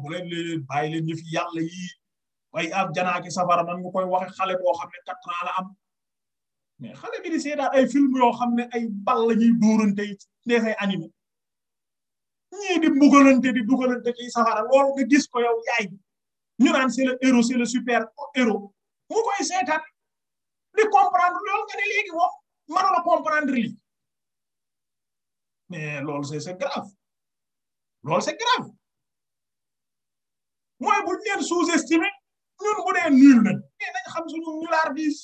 bu leen leen bàyyi leen ñu fi yàlla yi waaye ab janaaki safara man nga koy waxe xale boo xam ne quatre ans la am mais xale bi di ay film yoo xam ne ay bal la ñuy dóorante yi dessin animé ñii di mbugalante di dugalante ci safara loolu nga gis ko yow yaay ñu naan c'est le héros c'est super héros mu koy seetaan di comprendre loolu nga ne léegi moom mënula comprendre lii mais eh, loolu c'est c'est grave loolu c'est grave mooy bu ñu leen sous-estimé ñun bu dee nul lañ mais xam suñu ñulaar biis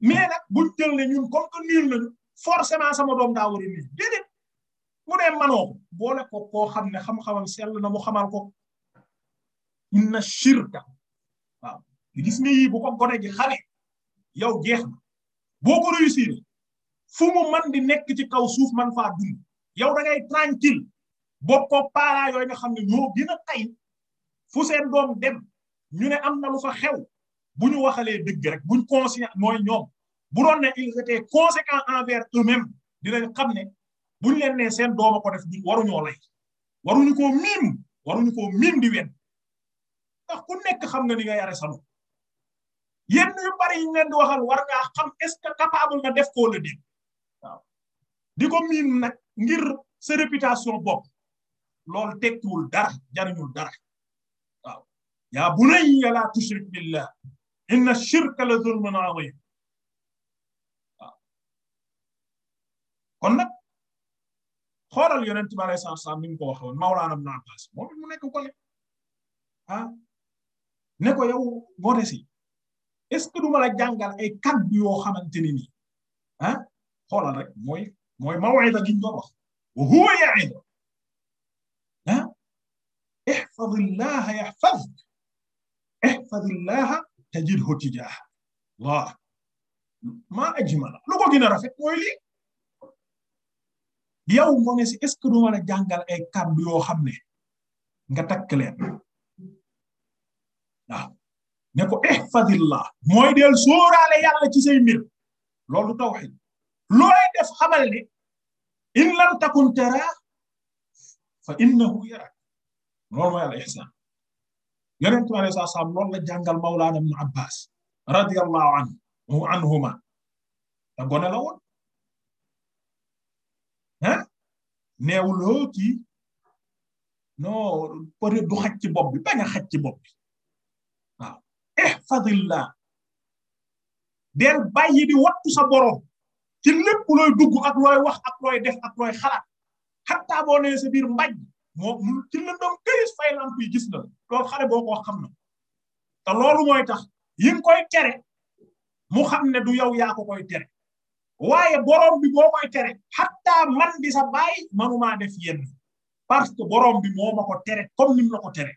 mais na buñ jël ne ñun comme que nul lañu forcément sama doom daa war a nul déedéet mu dee boole ko koo xam ne xam-xamam sell na mu xamal ko inna shirka waaw gis nga yii bu ko gone gi xale yow jeex na boo ko réussir fu mu man di nekk ci kaw suuf man faa dund yow da ngay tranquille bokkoo parents yooyu nga xam ne ñoo gën a tay fu seen doom dem ñu ne am na lu fa xew bu ñu waxalee dëgg rek buñ conscient mooy ñoom bu doon ne ils étaient conséquents envers eux-mêmes xam ne buñ leen nee seen doom a ko def du waruñoo lay waruñu koo miim waruñu koo miim di wen ku nekk xam nga ni nga yare salo yenn yu bari yi leen di waxal war ngaa xam est-ce que capable na def koola la di ko miim nag ngir sa réputation bopp loolu tekkiwul dara jariñul dara waaw yaa bunayya laa tushrik billah inna shirka la zulmun azim waaw kon nag xoolal yonent bi alayhi salaatu salaam ni mu ko waxee woon Mawlaana Ibn Abbaas moom mu nekk ko le ah ne ko yow boo si est-ce que du ma la jàngal ay kat yoo xamante ni nii ah xoolal rek mooy mooy mawida gi ñu doon wax wa huwa yaiduka ah ixfad illaha yaxfadk ixfad illaha tajidhu tijaaha Allah maa ajmala lu ko gën rafet mooy lii yow moo ne si est ce que du ma la jàngal kàddu yoo xam ne nga takk leen waaw ne ko ihfadillah mooy del sóoraale yàlla ci say mbir loolu tawhid looy xamal ne in lam takun tara fa innahu yarak loolu mooy al ihsan yonentu alayhi salaatu salaam loolu la jàngal mawlaana ibnu abbas radiyallahu anhu anhuma te gone la woon ah neewul loo kii non peut du xaj ci bopp bi bañ a xaj ci bopp bi waaw ihfadillah del bàyyi di wattu sa borom ci lépp looy dugg ak looy wax ak looy def ak looy xalaat xattaa boo nee sa biir mbaj moo mu ci lëndëm këris fay lamp yi gis na loolu xale boo ko xam na te loolu mooy tax yi nga koy tere mu xam ne du yow yaa ko koy tere waaye borom bi boo koy tere xattaa man di sa bàyyi manumaa def yenn parce que borom bi moo ma ko tere comme ni mu la ko tere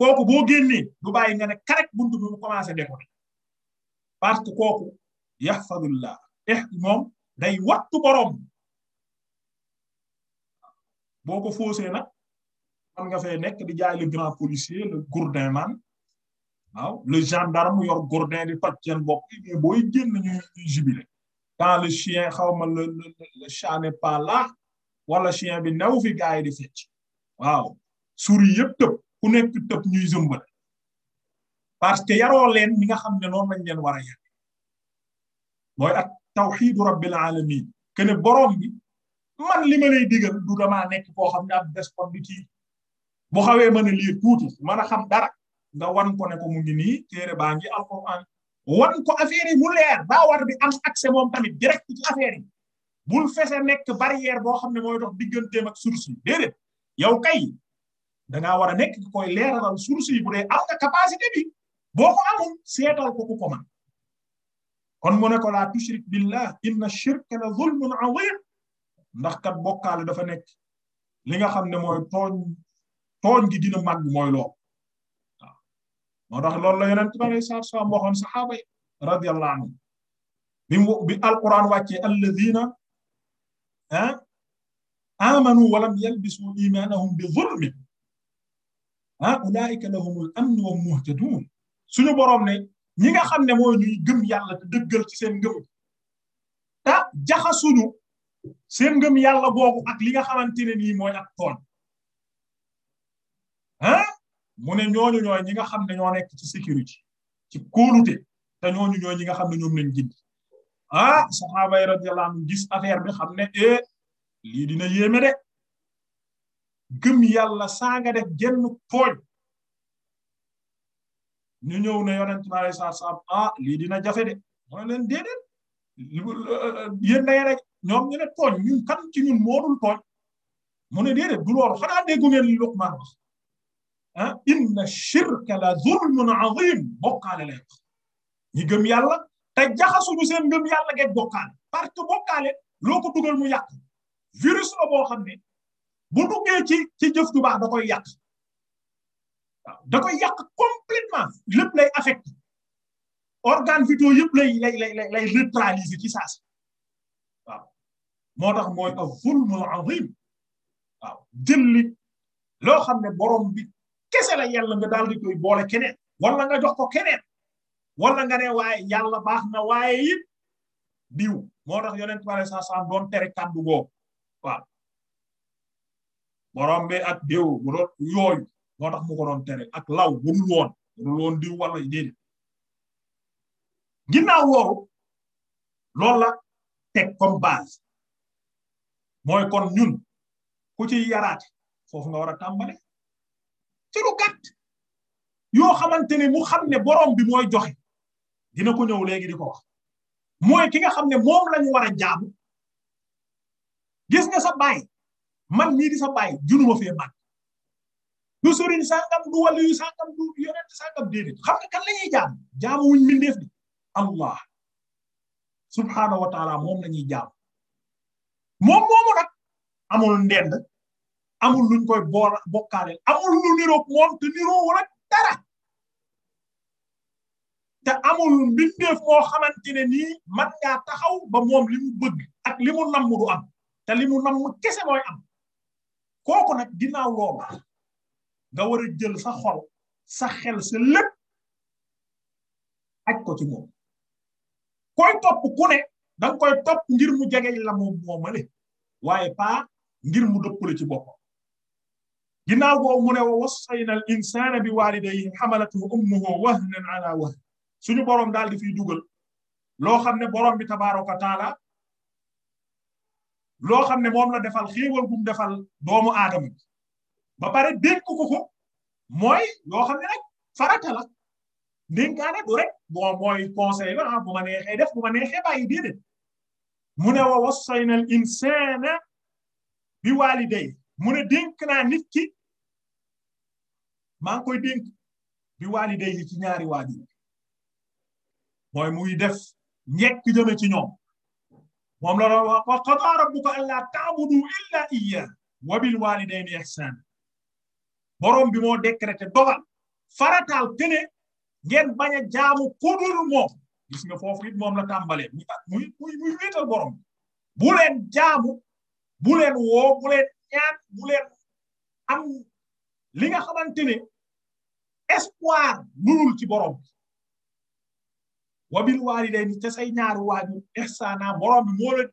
kooku boo génnee du bàyyi nga ne karek buntu bi mu commencé décorer parce que kooku yahfadullah dex gi moom day wattu boroom boo ko faussé na man nga fay nekk di jaay le grand policier le gourdin man waaw le gendarme yor gourdin di toj seen bopp mais eh booy génn ñuy jubilé quand le chien xawma le le chat n'est pas là wala chien bi new fi gars yi di fecc waaw souris yëpp tëb ku nekk tëb ñuy zëmbal parce que yaroo leen ñi nga xam ne noonu lañ leen war a yar tawxiidu rabbil alamin que ne borom gi man li ma lay digal du damaa nekk koo xam ne ab despot bi tiir bu xawee mën a lire tuuti mën a xam dara nga wan ko ne ko mu ngi nii téere baa ngi alquran wan ko affaire yi mu leer daa war bi am accès moom tamit direct ci affaire bul fese nekk barrière boo xam ne mooy dox digganteem ak source yi déedéet yow kay danga war a nekk koy leeralal source yi bu dee am nga capacité bi boo ko amul seetal ko ku ko kon mu ne ko laa tushrik billah inna shirka la zulmun azim ndax kat bokkaale dafa nekk li nga xam ne mooy tooñ tooñ gi dina màgg mooy loo waaw moo tax loolu la yonent bi alayhi salaatu salaam waxoon saxaaba yi radiyallahu anhum bi mu bi alquran wàccee alladina ah amanu walam yalbisu imanahum bi zulmin ah ulaika lahumul amn wa muhtadun suñu borom ne ñi nga xam ne mooy ñuy gëm yàlla te dëggal ci seen ngëm ta jaxasuñu seen ngëm yàlla boobu ak li nga xamante ne nii mooy a tooñ ah mu ne ñooñu ñooy ñi nga xam ne ñoo nekk ci sécurité ci kóolute te ñooñu ñooy ñi nga xam ne ñoom lañ gindi ah saxaaba yi radiyallahu gis affaire bi xam ne eh lii dina yéeme de gëm yàlla saa nga def genn tooñ ñu ñëw ne yonent bi alayhi ah lii dina jafe de mooy leen déedéet euh, euh, yéen da rek ñoom ñu ne tooñ ñun kan ci ñun moo dul tooñ mu ne déedéet du loolu xanaa déggu ngeen li Luqmaan wax ah inna shirka la zulmun azim bokkaale lay ñi gëm yàlla te jaxasuñu seen ngëm yàlla geeg bokkaale parce que bokkaale dugal mu yàq virus la boo ne bu duggee ci ci jëf ju baax da koy yàq waaw da koy yàq complètement lépp lay affecté organes vitaux yëpp lay lay lay lay neutraliser ci saasi waaw moo tax mooy a zulmul azim waaw jël li loo xam ne borom bi kese la yàlla nga daal di koy boole keneen wala nga jox ko keneen wala nga ne waaye yàlla baax na waaye it diw moo tax yonent bi alayhi salaam doon tere kàddu googu waaw borom bi ak diw bu doon yooyu moo tax mu ko doon tere ak law warul woon warul woon diw wala déedéet ginnaaw wooru loolu la teg baas base mooy kon ñun ku ci yaraate foofu nga war a tàmbale ci yoo xamante ne mu xam ne borom bi mooy joxe dina ko ñëw léegi di ko wax mooy ki nga xam ne moom lañu war a jaabu gis nga sa baay man mii di sa baay junuma fee du sëriñ sàngam du waliyu sàngam du yonent sàngam déedéet xam nga kan la ñuy jaam jaamu wuñ mbindeef bi allah subhaanahu wa taala moom la ñuy jaam moom moomu nag amul ndend amul luñ koy bool bokkaale amul lu niroog moom te niroo wala dara te amul mbindeef moo xamante ne nii man ngaa taxaw ba moom li mu bëgg ak li mu namm du am te li mu kese mooy am kooku nag ginnaaw loolu nga war a jël sa xol sa xel sa lépp aj ko ci moom koy topp ku ne danga koy topp ngir mu jege la moom moomale waaye pas ngir mu dëppale ci boppam ginnaaw boobu mu ne wa wassayna al insana bi walidayhi xamalatuhu ummuhu wahnan ala wahn suñu boroom daal di fiy dugal loo xam ne boroom bi tabaraka wa taala loo xam ne moom la defal xéewal bu defal doomu aadama ba pare dénk ko ko mooy yoo xam ne nag farata la dénkaane du rek bon mooy conseil la ah bu ma neexee def bu ma neexee bàyyi déedéet mu ne wa wassayna al insana bi waalidayhi mu ne dénk naa nit ki maa ngi koy dénk bi waalidayhi ci ñaari waajur mooy muy def njekk jëme ci ñoom moom la doon wax wa qadaa rabbuka allaa ta'budu illaa iyyaahu wa bil waalidayni ihsaana borom bi moo décrété dogal farataal tene ngeen bañ a jaamu kudul moom gis nga foofu it moom la tàmbalee muy muy muy borom bi bu leen jaamu bu leen woo bu leen ñaan bu leen nga xamante ne espoir ci borom bi wabil waalidayni te say ñaari waajur ihsaana borom bi moo la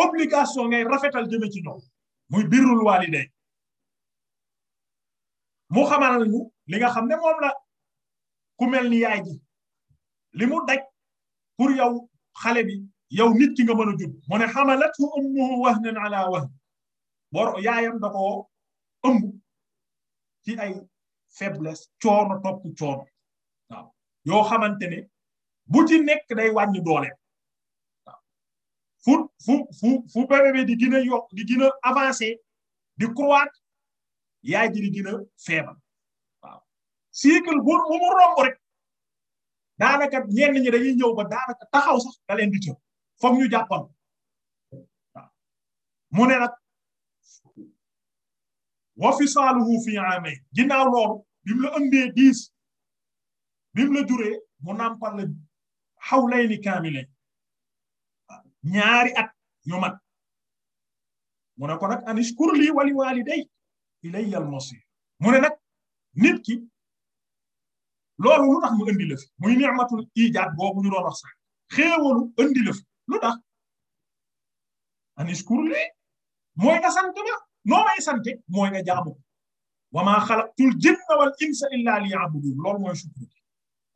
obligation ngay rafetal jëme ci ñoom muy mu xamal ñu li nga xam ne moom la ku mel ni yaay ji li mu daj pour yow xale bi yow nit ki nga mën a jur mu ne xamalathu ummuhu wahnan ala wahn bor yaayam da koo ëmb ci ay faiblesse coono topp coono waaw yoo xamante ne bu ci nekk day wàññi doole waaw fu fu fu fu bébé di gën a di gën avancé di croître yaay ji di gën a feebar waaw mu romb rek daanaka ñenn ñi dañuy ñëw ba daanaka taxaw sax da leen di tëb foog ñu jàppal waaw mu ne nag wa fisaaluhu fi amee ginnaaw loolu bi mu la ëmbee diis bi mu la juree mu nàmpal la xawlayni kaamile ñaari at ñu mat mu ne ko nag anishkur lii wali waalidayk ilayya al-masir mu nit ki loolu lu tax mu indi la muy ni'matul ijaad boobu ñu doon wax sax xéewalu indi la lu tax an iskur li mooy nga sant ma noo may sante mooy nga jaamu wa maa xalaqtul jinna wal insa illa liya'budun loolu mooy sukkur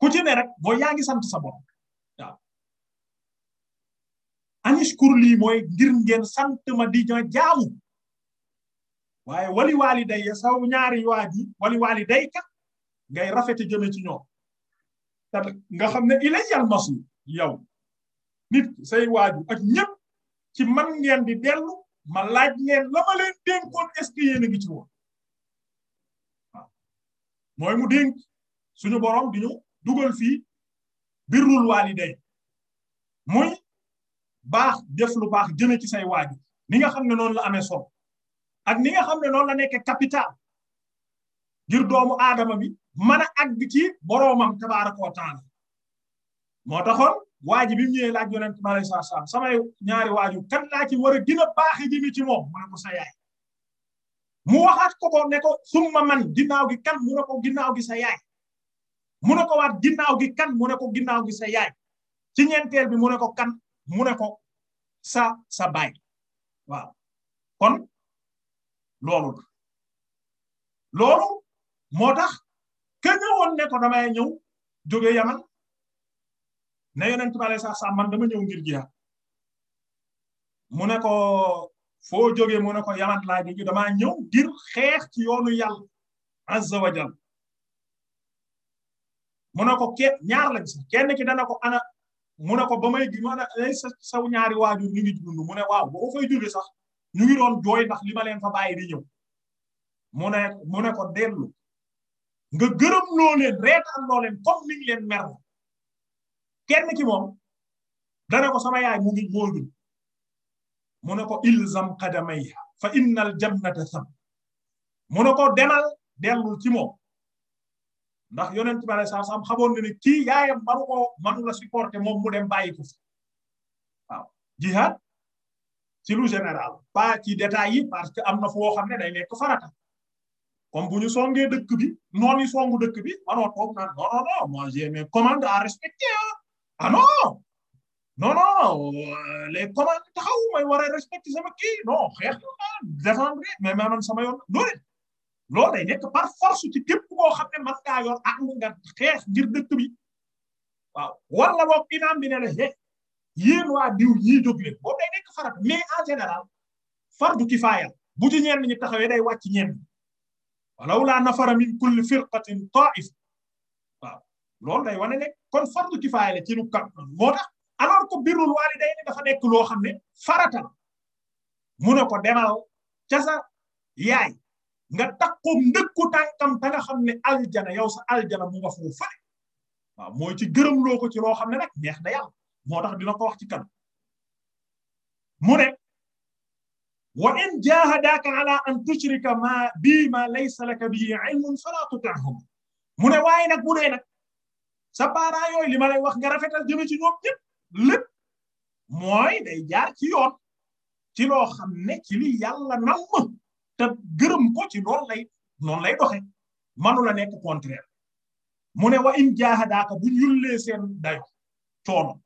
ku ci rek boo yaa ngi sant sa borom waaw an iskur mooy ngir ngeen sant ma di jaamu waaye wali waaliday ya saw ñaari waa ji wali waaliday ka ngay rafete jëme ci ñoom te nga xam ne ilayal masu yow nit say waaju ak ñëpp ci man ngeen di dellu ma laaj ngeen la ma leen dénkoon est-ce yéen a ngi ci woon mooy mu dénk suñu borom di ñu dugal fii birrul waaliday muy baax def lu baax jëme ci say waaju ni nga xam ne noonu la amee solo ak ni nga xam ne noonu la nekkee capital ngir doomu aadama bi mën a àgg ci boroomam tabaaraka wa taala moo taxoon waa ji bi mu ñëwee laaj yonent bi alayhi salaatu samay ñaari waaju kan laa ci war a gën a ci moom mu ne ko sa yaay mu waxaat ko ko ne summa man ginnaaw gi kan mu ne ko ginnaaw gi sa yaay mu ne ko waat ginnaaw gi kan mu ne ginnaaw gi sa yaay bi mu ne ko kan mu ne ko sa sa baay waaw kon loolu loolu moo tax ke ñëwoon ne ko damay ñëw jóge yaman ne yonent bi alayhi sax man dama ñëw ngir jihaad mu ne ko foo jógee mu ne ko yaman laa jóge damaa ñëw ngir xeex ci yoonu yàlla azza mu ne ko ke ñaar lañ sax kenn ki dana ko ana mu ne ko ba may gi ma ne saw ñaari waajur ñu ngi dund mu ne waaw boo fay jóge sax ñu ngi doon jooy ndax li ma leen fa bàyyi bi ñëw mu ne mu nekko ko dellu nga gërëm loo leen reetaan leen comme niñ leen mer kenn ki moom dana ko sama yaay mu ngi moo dul mu ne ko ilzam qadamayha fa innal jannata sam mu ne ko demal dellul ci moom ndax yonent bi alayhi salaam xamoon na ne kii yaayam manu ko la supporter moom mu dem bàyyi ko fi waaw jihaad ci lu général pas ci détails yi parce que am na foo xam ne day nekk farata comme bu ñu dëkk bi noonu songu dëkk bi manoo toog naan non non non moi j'ai à respecter ah non non non euh, les commandes taxaw may war a respecter sama kii non xeex na défendre mais maanaam sama yoon loolu loolu day nekk par force ci képp koo xam ne mat ngaa yor nga xeex ngir dëkk bi waaw wala boog imaam bi ne la yéen waa diw ñii jóg leen boobu day nekk farat mais en général fardu kifaaya bu ci ñenn ñi taxawee day wàcc ñenn walaw laa nafara min kulli firqatin taif waaw loolu day wane ne kon fardu kifaaya la ci lu kat moo tax alors que birrul waalidayni dafa nekk loo xam ne farata la mu ko demal ca sa yaay nga takkum ndëkku tànkam ta nga xam ne aljana yow sa aljana mu nga foofu fële mooy ci gërëm loo ko ci loo xam ne nag neex na yàlla moo tax dina ko wax ci kan mu ne wa in jahadaaka ala an tushrika ma bii ma laysa laka bihi ilmun fala tuti'hum mu ne waaye nag bu dee nag sa parents yooyu li ma wax nga rafetal ci ñoom ñëpp lépp day jaar ci yoon ci loo xam ne ci li yàlla nam te gërëm ko ci loolu lay noonu lay doxe manu nekk contraire mu ne wa in jahadaaka bu ñullee seen dayo coono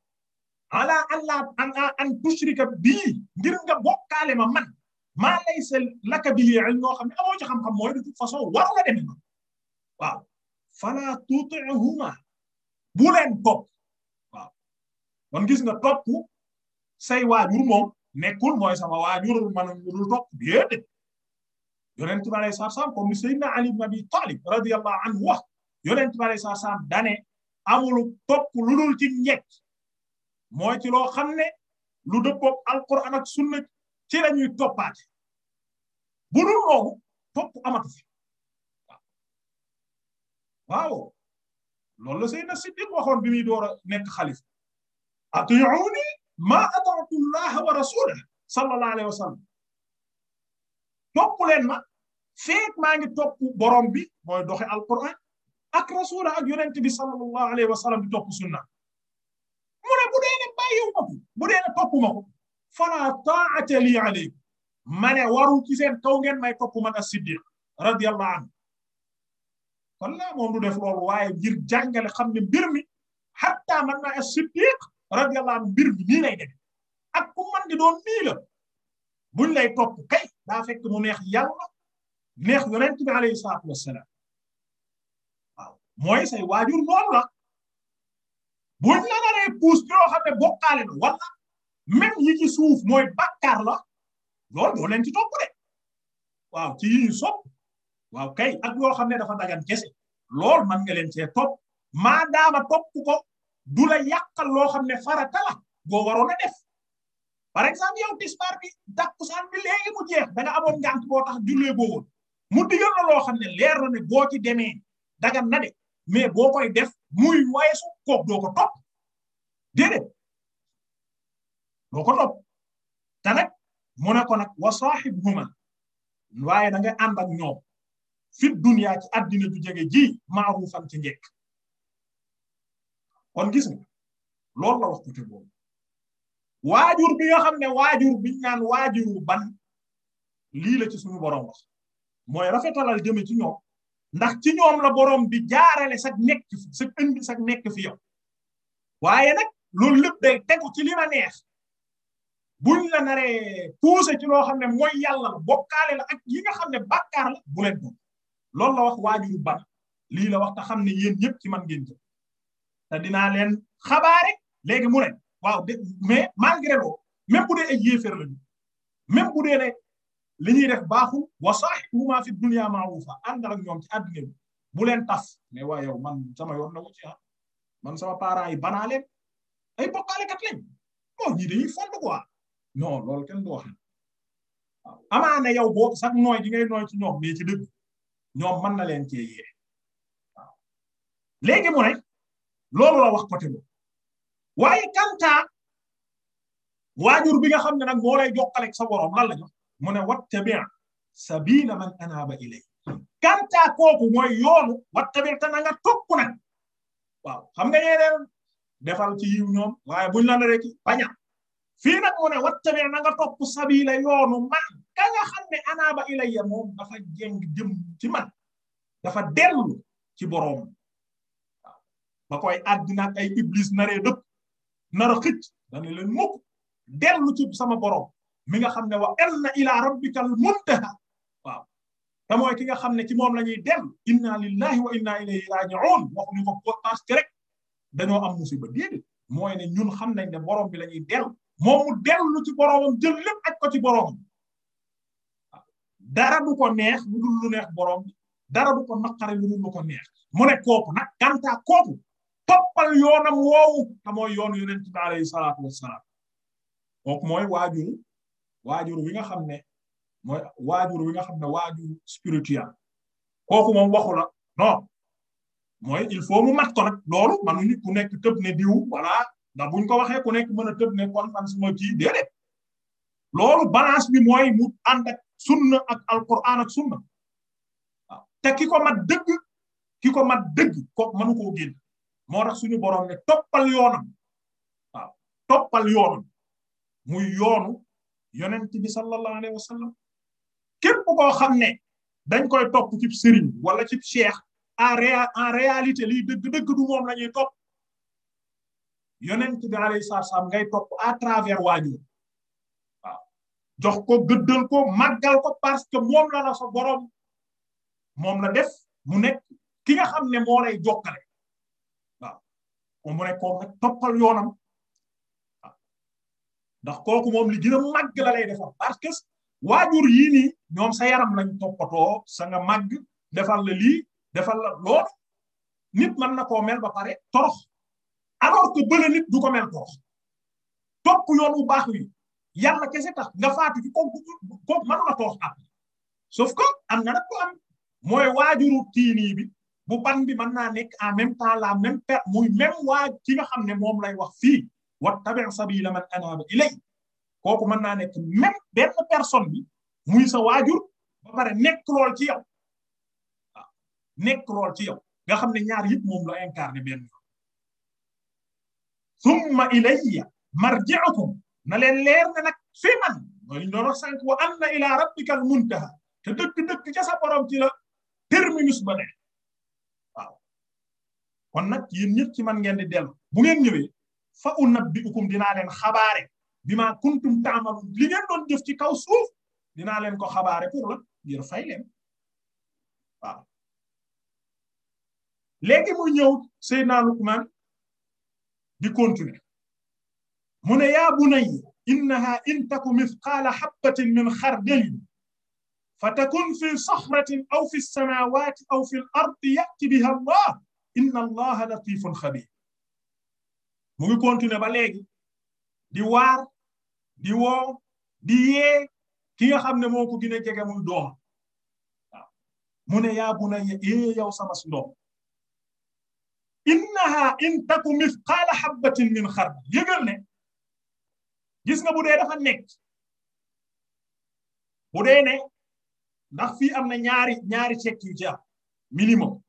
ala allah ala an tushrika bii ngir nga bokkaale ma man maa lay sa laka bi ilm ñoo xam ne amoo ci xam-xam mooy de toute façon waru la demee ma waaw fala tuti'huma bu leen topp waaw kon gis nga topp moom sama waajur man lu topp déedéet yonent bi alayhi salaatu salaam comme ni Seydina Ali ibn Abi Talib radiyallahu anhu wax yonent bi alayhi salaatu salaam dane amul topp lu dul mooy ci loo xam ne lu dëppoog alquran ak sunna ci la ñuy toppaate bu dul loogu topp amatu fi waaw loolu la Seydina Siddiq waxoon bi muy door a nekk xalifa a ma ataatu llah wa rasulah sallallahu alayhi wa sallam topp leen ma feek maa ngi topp borom bi mooy doxe alquran ak rasula ak yonent bi sallallahu alayhi wa sallam di topp sunna bàyyiwu ma ko bu dee ne topp ma ko fala taa'ata lii aleykum ma ne waru ci seen kaw ngeen may topp man as-Siddiq radiyallahu anhu kon la moom def loolu waaye ngir jàngale xam ne mbir mi hatta man naa as-Siddiq radiyallahu anhu mbir mi nii lay def ak ku man di doon nii la buñ lay topp kay daa fekk mu neex yàlla neex yonent bi alayhi salaatu wassalaam waaw mooy say waajur moom buñ la naree puus ci loo xam ne bokkaale na wala même yi ci suuf mooy bakkaar la loolu doo leen ci topp de waaw ci yi ñu waaw kay ak yoo xam ne dafa dagan kese loolu man nga leen cee topp maadaama topp ko du la yàqal loo xam ne farata la boo waroon a def par exemple yow tisbaar bi takkusaan bi léegi mu jeex da nga amoon ngànt boo tax jullee boo woon mu digal la loo xam ne leer na ne boo ci demee dagan na de mais boo koy def muy weesu kook doo ko topp déedéet doo ko topp te nag mu ne ko nag wa saaxibhuma waaye da nga ànd ñoom fit duniyaa ci àddina ju jege ji maarufan ci njekk kon gis nga loolu la wax côté boobu waajur bi nga xam ne waajur biñ naan waajuru ban lii la ci suñu borom wax mooy rafetalal jëme ci ñoom ndax ci ñoom la boroom bi jaarale sax nekk fi sax indi sax nekk fi yow waaye nag loolu lépp day tegu ci li neex buñ la naree poussé ci loo xam ne mooy yàlla la bokkaale la ak yi nga xam ne bàkkaar la bu leen doon loolu la wax waajuru ban lii la wax te xam ne yéen ñëpp ci man ngeen jëm te dinaa leen xabaare léegi mu ne waaw de mais malgré loolu même bu dee ay yéeféer lañu bu dee li ñuy def baaxul wa saahibuhumaa fi dunya ma'ruufa ànd ak ñoom ci àddina bu leen tas mais waa yow man sama yoon na ko ci ah. man sama parents yi banaa leen ay bokkaalekat lañ bon ñii dañuy fond quoi non loolu kenn du wax waaw amaana yow boobu sax nooy di ngay nooy ci ñoom mais ci ñoom mën na leen cee yee waaw léegi mu ne loolu la wax côté boobu waaye kanta waajur bi nga xam ne nag moo lay jokkaleeg sa borom lan la jox mu ne wattabi sabila man anaaba ilay kanta kooku mooy yoonu wattabi ta na nga topp waaw xam nga ñeneen defal ci yiw ñoom waaye buñ la naree ci baña fii nag mu ne wattabi na nga topp sabila yoonu man ka nga ne anaaba ilayya moom dafa jeng jëm ci man dafa dellu ci boroom ba koy àddina ak ay iblis naree dëpp nar a xëcc dana leen mukk dellu ci sama boroom mi nga xam ne wa anna ilaa rabbikal muntaha waaw ki nga xam ne ci moom lañuy ñuy dem inna lillahi wa inna ilayhi raji'un waxuñu ko portage ci dañoo am musiba déedéet mooy ne ñun xam nañ ne borom bi lañuy ñuy dellu moom mu dellu ci boromam jël lépp ak ko ci boromam dara du ko neex lu dul lu neex borom dara du ko naqare lu dul lu ko neex mu ne kooku nag kantaa kooku toppal yoonam woowu te mooy yoonu yonent bi alayhi salaatu wassalaam kooku mooy waajur waajur wi nga xam ne mooy waajur wi nga xam ne waajur spirituel kooku moom waxu la non mooy il faut mu mat ko nag loolu mënuñu ku nekk tëb ne diw voilà ndax buñ ko waxee ku nekk mën a tëb ne kon man suma kii déedéet loolu balance bi mooy mu ànd ak sunna ak alquran ak sunna waaw te ki ko mat dëgg ki ko mat dëgg ko mënu koo génn moo tax suñu borom ne toppal yoonam waaw toppal yoonam muy yoonu yonent bi sallallahu alayhi wa sallam képp koo xam ne dañ koy topp ci sëriñ wala ci cheikh en réa en réalité liy dëgg-dëgg du moom la ñuy topp yonent bi alayhi salaam ngay topp à travers waajur waaw jox ko gëddal ko màggal ko parce que moom la la sa borom moom la def mu nekk ki nga xam ne moo lay jokkale waaw ko mu ne ko yoonam ndax kooku moom li gën a màgg la lay defal parce que waajur yii nii ñoom sa yaram lañ toppatoo sa nga màgg defal la lii defal la lool nit mën na koo mel ba pare torox alors que bële nit du ko mel torox topp yoon wu baax wi yàlla kese tax nga faatu ci kooku kooku mën na torox am sauf que am na nag ko mooy waajuru tiinii bi bu ban bi mën naa nekk en même temps la même per muy même waa ki nga xam ne moom lay wax fii wattabi' sabila man anaaba ilay kooku mën naa nekk même benn personne bi muy sa ba pare nekk lool ci yow waaw nekk lool ci yow nga xam ne ñaar yëpp moom la incarné benn yoon summa ilayya marji'ukum na leen leer ne nag fi man mooy liñ doon wax sànq wa anna ila rabbika al te dëkk ca sa borom ci la terminus ba ne waaw kon nag yéen ñëpp ci man ngeen di dellu bu ngeen ñëwee fa unabbi'ukum dinaa leen xabaare bima kuntum taamalu li ngeen doon jëf ci kaw suuf dinaa leen ko xabaare pour la ngir fay leen waaw léegi mu ñëw Seydina Luqman di continuer mu ne yaa bunayya innaha in taku mithqaala habbatin min xardalin fa takun fi saxratin aw fi samaawaati aw fi l ardi ya'ti biha allah inna allaha latifun xabir mu ngi continuer ba léegi di waar di woo di yee ki nga xam ne moo ko gën a jege muy doom waaw mu ne yaa bunayya yee yow sama si doom innaha in taku mithqaala habbatin min xardal yëgal ne gis nga bu dee dafa nekk bu dee ne ndax fii am na ñaari ñaari cekk yu ci minimum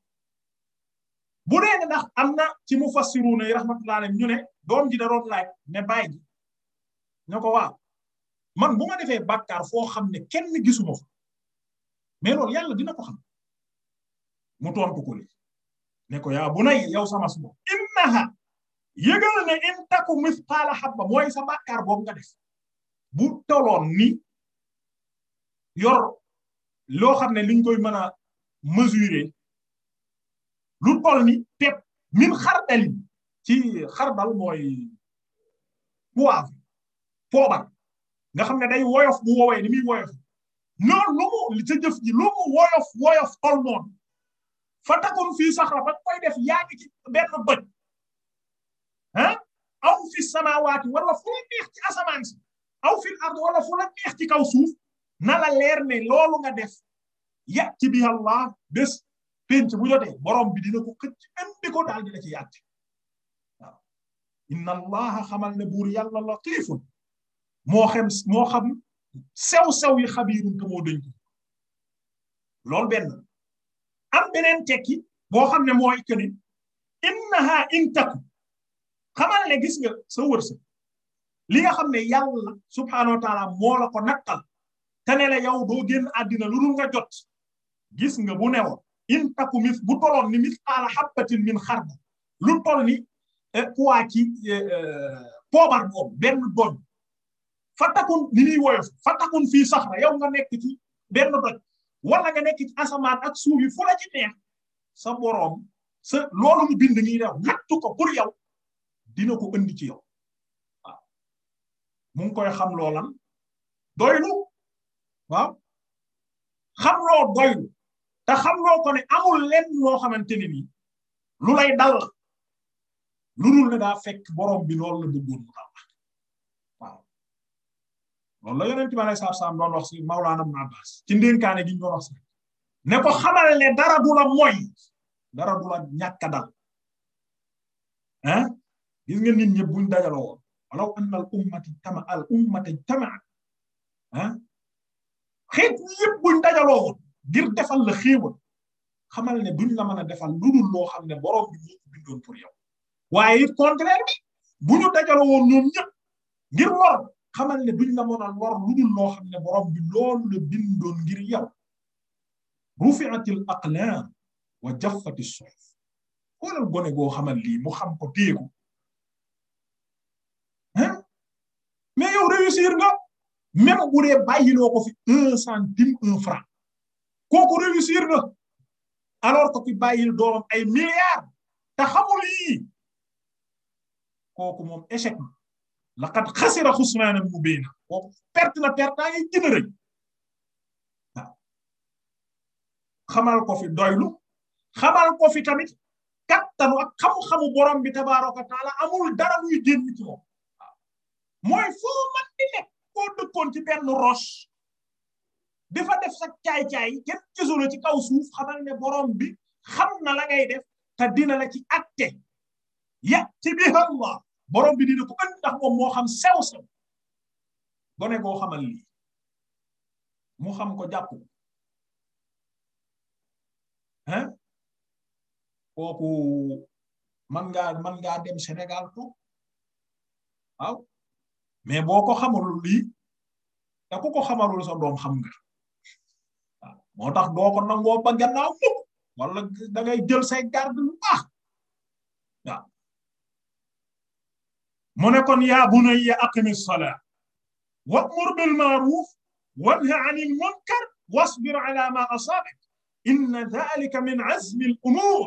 bu dee ne am na ci mu fassiruuna yi rahmatullahi alayhi ñu ne doom ji da doon laaj ne bàyyi ji ne ko waaw man bu ma defee bàkkaar foo xam ne kenn gisuma fa mais loolu yàlla dina ko xam mu tontu ko li ko yaa bu nay yow sama suma innaha yëgal ne in taku misqaala habba mooy sa bàkkaar boobu nga def bu toloon ni yor loo xam ne liñ koy mën a mesurer lu toll ni pepp min xardalin ci xardal mooy poivre poobar nga xam ne day woyof bu woowee ni woyof loolu lu mu sa jëf ji lu mu woyof woyof toll noonu fa takum fii saxra ba def yaa ngi ci benn doj ah aw fi samawaati wala fu la neex ci asamaan si aw fil ard wala fu la neex ci kaw suuf na la leer ne loolu nga def yàcc bi Allah bés penc bu jotee borom bi dina ko xëcc indi ko daal di la ci yàtt xamal ne buur yàlla latifun moo xam moo xam sew-sew yi xabiirun te moo dëñ ko loolu benn am beneen tekki boo xam ne mooy que ne innaha intaku xamal ne gis nga sa li nga xam ne yàlla subhaanahu wa moo la ko nattal te ne la doo génn àddina lu dul nga jot gis nga bu newoon in taku mis bu toloon ni mis aala xabbatin min xarda lu tol ni eh, poids ci eh, eh, poobar boobu benn doj fa takun ni muy woyof fa takun fii saxra yow nga nekk ci benn doj wala nga nekk ci asamaan ak suuf fu la ci neex sa boroom sa loolu mu bind nii daw nattu ko pour yow dina ko indi ci yow koy xam loolan doylu waaw xam loo doylu te xam loo ko ne amul lenn loo xamante ne nii lu lay dal lu dul ne daa fekk borom bi loolu la bëggoon mu dal waaw loolu la yonent bi alayhi salaam doon wax si Mawlaana Ibn Abbaas ci ndénkaane gi ñu doon si ne ko xamal dara du la moy dara du la ñàkk a dal ah gis nga nit ñëpp dajaloo woon walaw anna al al ummati tama ah xeet yëpp dajaloo woon ngir defal la xéewal xamal ne duñ la mën a defal lu dul loo xam ne borom bi ñu bindoon pour yow waaye it contraire bi bu ñu dajale woon ñoom ñëpp ngir lor xamal ne duñ la mën a lor lu dul loo xam ne borom bi loolu la bindoon ngir yow rufi'atil aqlaam wa jaffati suhuf xoolal gone goo xamal lii mu xam ko téyeku mais yow réussir nga même bu dee bàyyiloo fi un centime un franc kooku réussir na alors que ki bàyyil doom ay milliards te kooku moom échec na laqad xasira xusraanan mubiina kooku perte la perte ay gën a rëy xamal ko fi doylu xamal ko fi tamit kattanu ak xam-xamu borom bi tabaaraka taala amul dara luy génn ci moom waaw mooy foo man di nekk koo dëkkoon ci benn roche dafa def sa caay-caay kenn gisula ci kaw suuf xamal ne borom bi xam na la ngay def te dina la ci atte ya ci biir Allah borom bi dina ko ënd ndax moom moo xam sew-sew gone goo xamal lii mu xam ko jàpp ah kooku man ngaa man ngaa dem Sénégal to waaw mais boo ko xamalul lii ta ku ko xamalul so doom xam nga moo tax doo ko nangoo ba gannaaw mukk wala da ngay jël say garde lu baax waaw mu ne kon yaa bunayya aqimi salaa wa'mur bil ma'ruf wanha 'anil munkar wasbir 'ala ma asabak inna dhalika min 'azmi al umur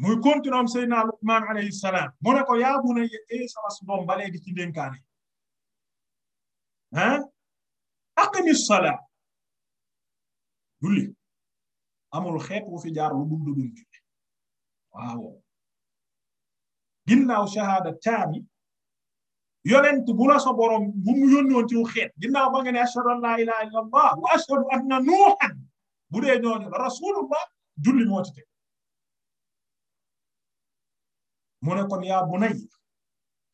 muy continuer am Seydina Luqman alayhi salaam mu ne ko yaa bunayya ee eh, sama doom ba léegi ci ndénkaane ah aqimi salaa julli amul xeet wu fi jaar lu dul dugul julli waaw ginnaaw shahada taami yonent bu la sa borom bu mu yónnoon ci xeet ginnaaw ba nga ne ashhadu an la ilaha illa allah wa ashhadu anna nuuhan bu dee ñooñu la rasulullah julli moo ci teg mu ne kon yaa bunay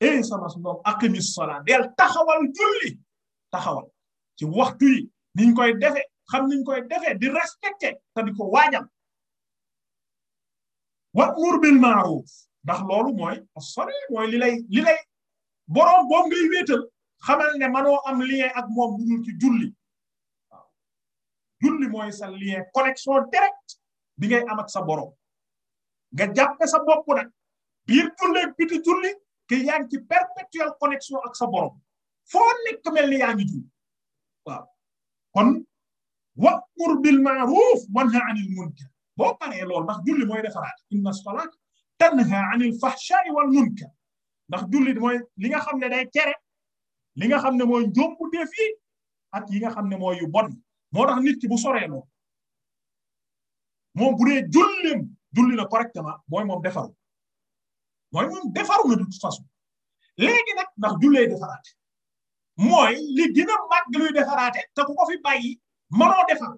ey sama su doom aqimis salaa del taxawal julli taxawal ci waxtu yi niñ koy defe xam niñ koy defee di respecté te di ko waajal wa'mur bil ma'ruf ndax loolu mooy sori mooy li lay li boroom boobu ngay wéetal xamal ne manoo am lien ak moom bu dul ci julli waaw julli mooy sa lien connexion direct bi ngay am ak sa boroom nga jàppe sa bopp nag biir julli ak biti julli ke yaa ngi ci perpétuelle ak sa boroom foo nekk mel ni yaa ngi julli wa'mur bil ma'ruf wanha anil munkar boo paree loolu ndax julli mooy defaraat inna salaat tanha anil fahshaa'i wal munkar ndax julli mooy li nga xam ne day tere li nga xam ne mooy njombu def yi ak yi nga xam ne mooy yu bon moo tax nit ki bu soree loolu moom bu dee jullim julli na correctement mooy moom defaru mooy moom defaru na de toute façon léegi ndax jullee defaraate mooy li gën a màgg luy defaraate te ku ko mënoo defar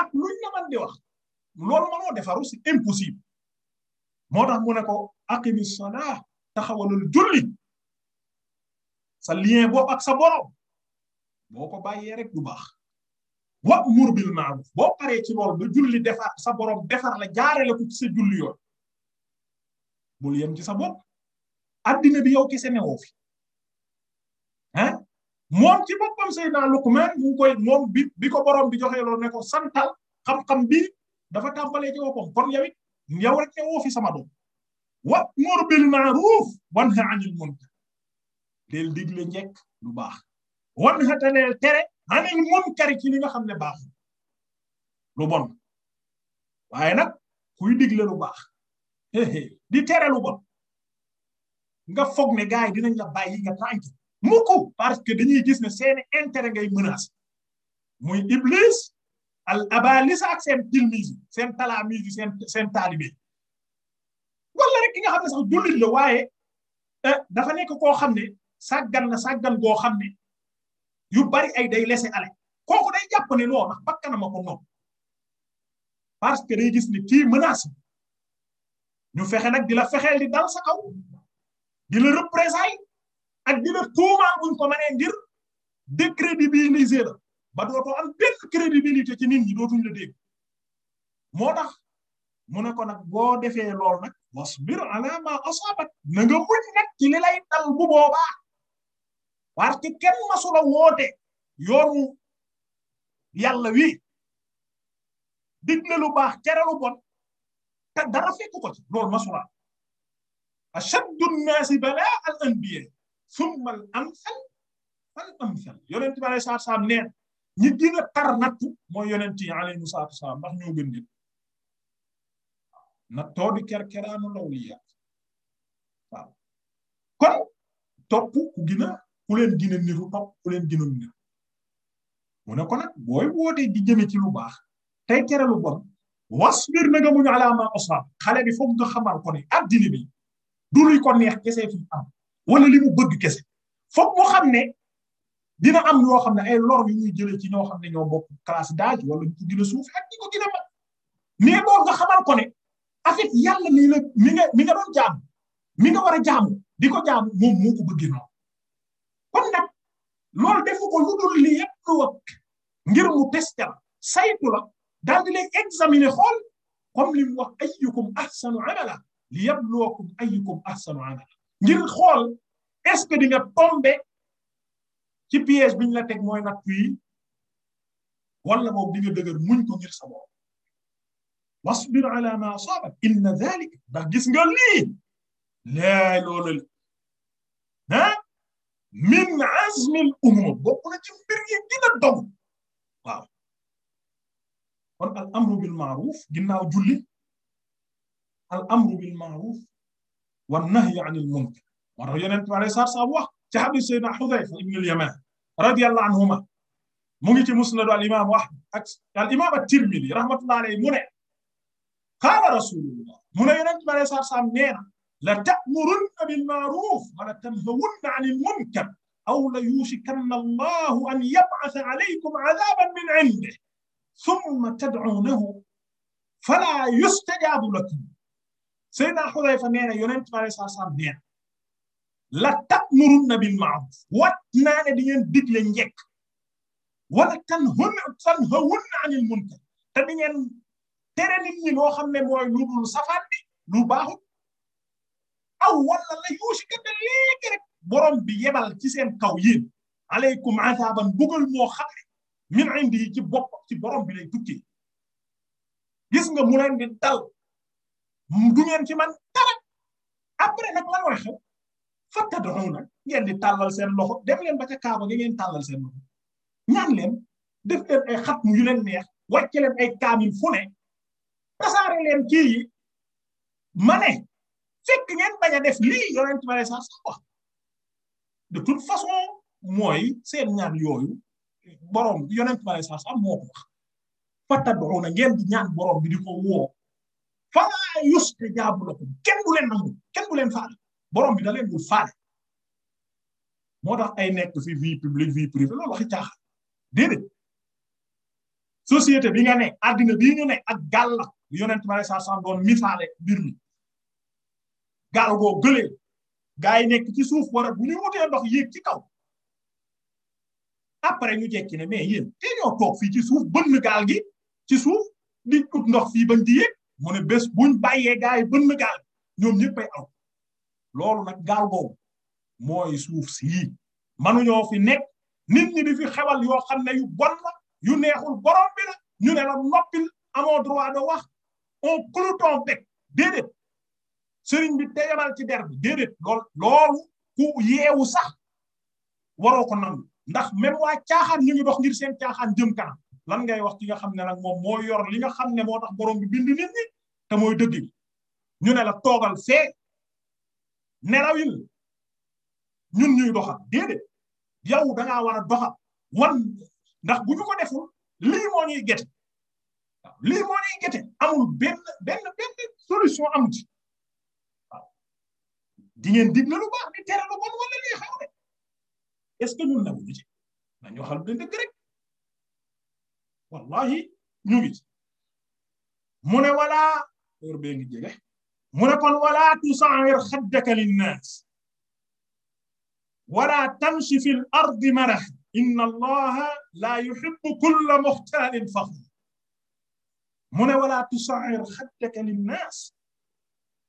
ak luñ la mën di wax loolu mënoo defaru c'est impossible moo tax mu ne ko aqimi salaa taxawalul julli sa lien boobu ak sa borom boo ko bàyyee rek du baax wa mur bil ma'ruf boo paree ci loolu ba julli defar sa borom defar la jaare la ko ci sa julli yoon bul yem ci sa bopp addina bi yow ki newoo fi moom ci boppam Seydina Lukman mu ngi koy moom bi bi ko borom bi joxee ne ko santal xam-xam bi dafa tàmbalee ci boppam kon yow it yow rek ne fi sama doom wa'mur bil ma'ruf wanha 'anil munkar del digle njekk lu baax wanha te del tere 'anil li nga xam ne baaxul lu bon waaye nag kuy digle lu baax di tere lu bon nga foog ne gars yi dinañ la bàyyi nga mukk parce que dañuy gis ne seeni intérêt ngay menace muy iblis al abalisa ak seen tilmise seen talamise yi seen seen taalibe wala rek ki nga xam ne sax jullit la waaye eh, dafa nekk koo xam ne sàggan na sàggan goo xam ni yu bari ay day laisser aller kooku day jàpp ne non ndax bakkanam a ko noonu parce que day gis ne kii menace ñu fexe nag di la fexeel di dal sa kaw di la représailles ak di la tuumaal ko ngir décrédibiliser la ba dootoo am benn crédibilité ci nit ñi dootuñ la dégg moo tax mu ne ko nag boo defee lool nag wasbir ala ma asaabat na nga muñ nag ci li lay dal bu boobaa parce que kenn masula woote yoonu yàlla wi digle lu baax tere bon te dara fekk ko ci masula ashaddu nnaasi balaa al anbiya summal amsal fal amsal yonent bi alayhi salaatu salaam nee ñi gën tar nattu mooy yonent yi alayhi salaatu salaam ndax ñoo gën nit na too di kerkeraanu law yi kon topp ku gën a ku leen gën a niru topp ku leen gën a niru mu ne nag booy wootee di jëme ci lu baax te tere lu bon wasbir na nga muñ ala ma asab xale bi foog nga xamal ko ne addina bi du luy ko neex kese fi am wala li mu bëgg kese foog mu xam ne dina am yoo xam ne ay lor yu ñuy jëlee ci ñoo xam ne ñoo bokk classe d'âge wala ñu ko gën a suuf ak ñi ko gën a mag mais boo nga xamal ko ne en fait yàlla nii la mi nga mi nga mi nga war a jaamu di ko jaamu moom moo ko bëggee kon nag loolu defu ko lu dul li yëpp lu wax ngir mu testé la saytu la daal di lay examiner xool comme li mu wax ayyukum ahsanu amala li yabluwakum ayyukum amala ngir xool est-ce que di nga tombe ci piège bi ñu la teg mooy nattu yi wala boobu di nga dëgër muñ ko ngir sa borom wasbir ala ma asaabak inna dhalika ndax gis nga lii laay loolu la ah min azmil umur bokk na ci mbir yi dina dog waaw kon al amru bil maaruf ginnaaw julli al amru bil maaruf wa nahyi anil munkar moo tax yonent bi alayhi salaatu salaam wax ci hadiis Seydina Xudayfa ibn al-Yamaan radiyallahu anhuma mu ngi ci musnadu al imaamu Ahmad ak al imaam at-Tirmidi rahmatullahi alayhi mu ne qaala rasulullah mu ne yonent bi alayhi salaatu salaam nee na la ta'murunna bil ma'ruuf wa la tanhawunna anil munkar aw la yuushikanna allahu an yab'atha alaykum azaaban min indihi summa tad'uunahu falaa yustajaabu lakum Seydina Xudayfa nee na yonent bi alayhi salaam nee na la ta'murunna bil ma'ruf wat naa ne di ngeen njekk wala tanhunna tanhawunna anil munkar te di ngeen tere nit ñi loo xam ne mooy lu dul safaan bi lu baaxut aw wala la yuusika te léegi rek borom bi yebal ci seen kaw yéen aleykum azaban bugal moo xam min indi yi ci bopp ci borom bi lay tukkee gis nga mu leen di du ngeen ci man dara après nag lan mooy xew fakka doxow nag ngeen di tàllal seen loxo dem leen ba ca kaaba gi ngeen tàllal seen loxo ñaan leen def leen ay xat mu yu leen neex wàcce leen ay kaamil fu leen kii yi ma ne fekk ngeen bañ a def lii yonent bare sax de toute façon mooy seen ñaan yooyu borom yonent bare sax sax moo ko wax fakka ñaan borom bi di falaa yustajaabu lakum kenn bu leen nangu kenn bu leen faale borom bi da leen dul faale moo tax ay nekk fi vie publique vie privée loolu waxi caaxaan déedéet société bi nga ne addina bii ñu ne ak gàll la yonent ma saa sam doon misaale mbir mi gàll goo gëlee gaa yi nekk ci suuf war a bu ñu wutee ndox yéeg ci kaw après ñu jekki ne mais yéen te ñoo toog fii ci suuf bënn gaal gi ci suuf di ndox fii bañ di mu ne bés buñ bàyyee gaa yi bënn gaal ñoom ñëpp ay loolu nag gaal boobu mooy suuf sii manuñoo fi nekk nit ñi di fi xewal yoo xam na yu bon yu neexul borom bi ñu ne la noppil amoo droit de wax on clôt ton bec déedéet sëriñ bi te yamal ci der bi déedéet loolu ku yeewu sax waroo ko nangu ndax même wa caaxaan ñu ngi dox ngir seen caaxaan jëm kanam lan ngay wax ki nga xam ne nag moom moo yor li nga xam ne moo tax borom bi bind nit ñi te mooy dëgg gi ñu ne la toogal fee nelawil ñun ñuy doxal déedéet yow da ngaa war a doxal wan ndax bu ñu ko deful lii moo ñuy gete waaw lii moo ñuy amul benn benn benn solution amu ci di ngeen digle lu baax di tere lu bon wala lii xaw de est ce que ñun newuñu ci nañu waxal dëgg rek. wallahi ñu ngi ci mu ne walaa heure bee ngi jege mu ne kon walaa tusair xaddaka linnaas walaa tamshi fi l ardi marah inna allaha la yuhibbu kulla muxtaalin faxur mu ne walaa tusair xaddaka linnaas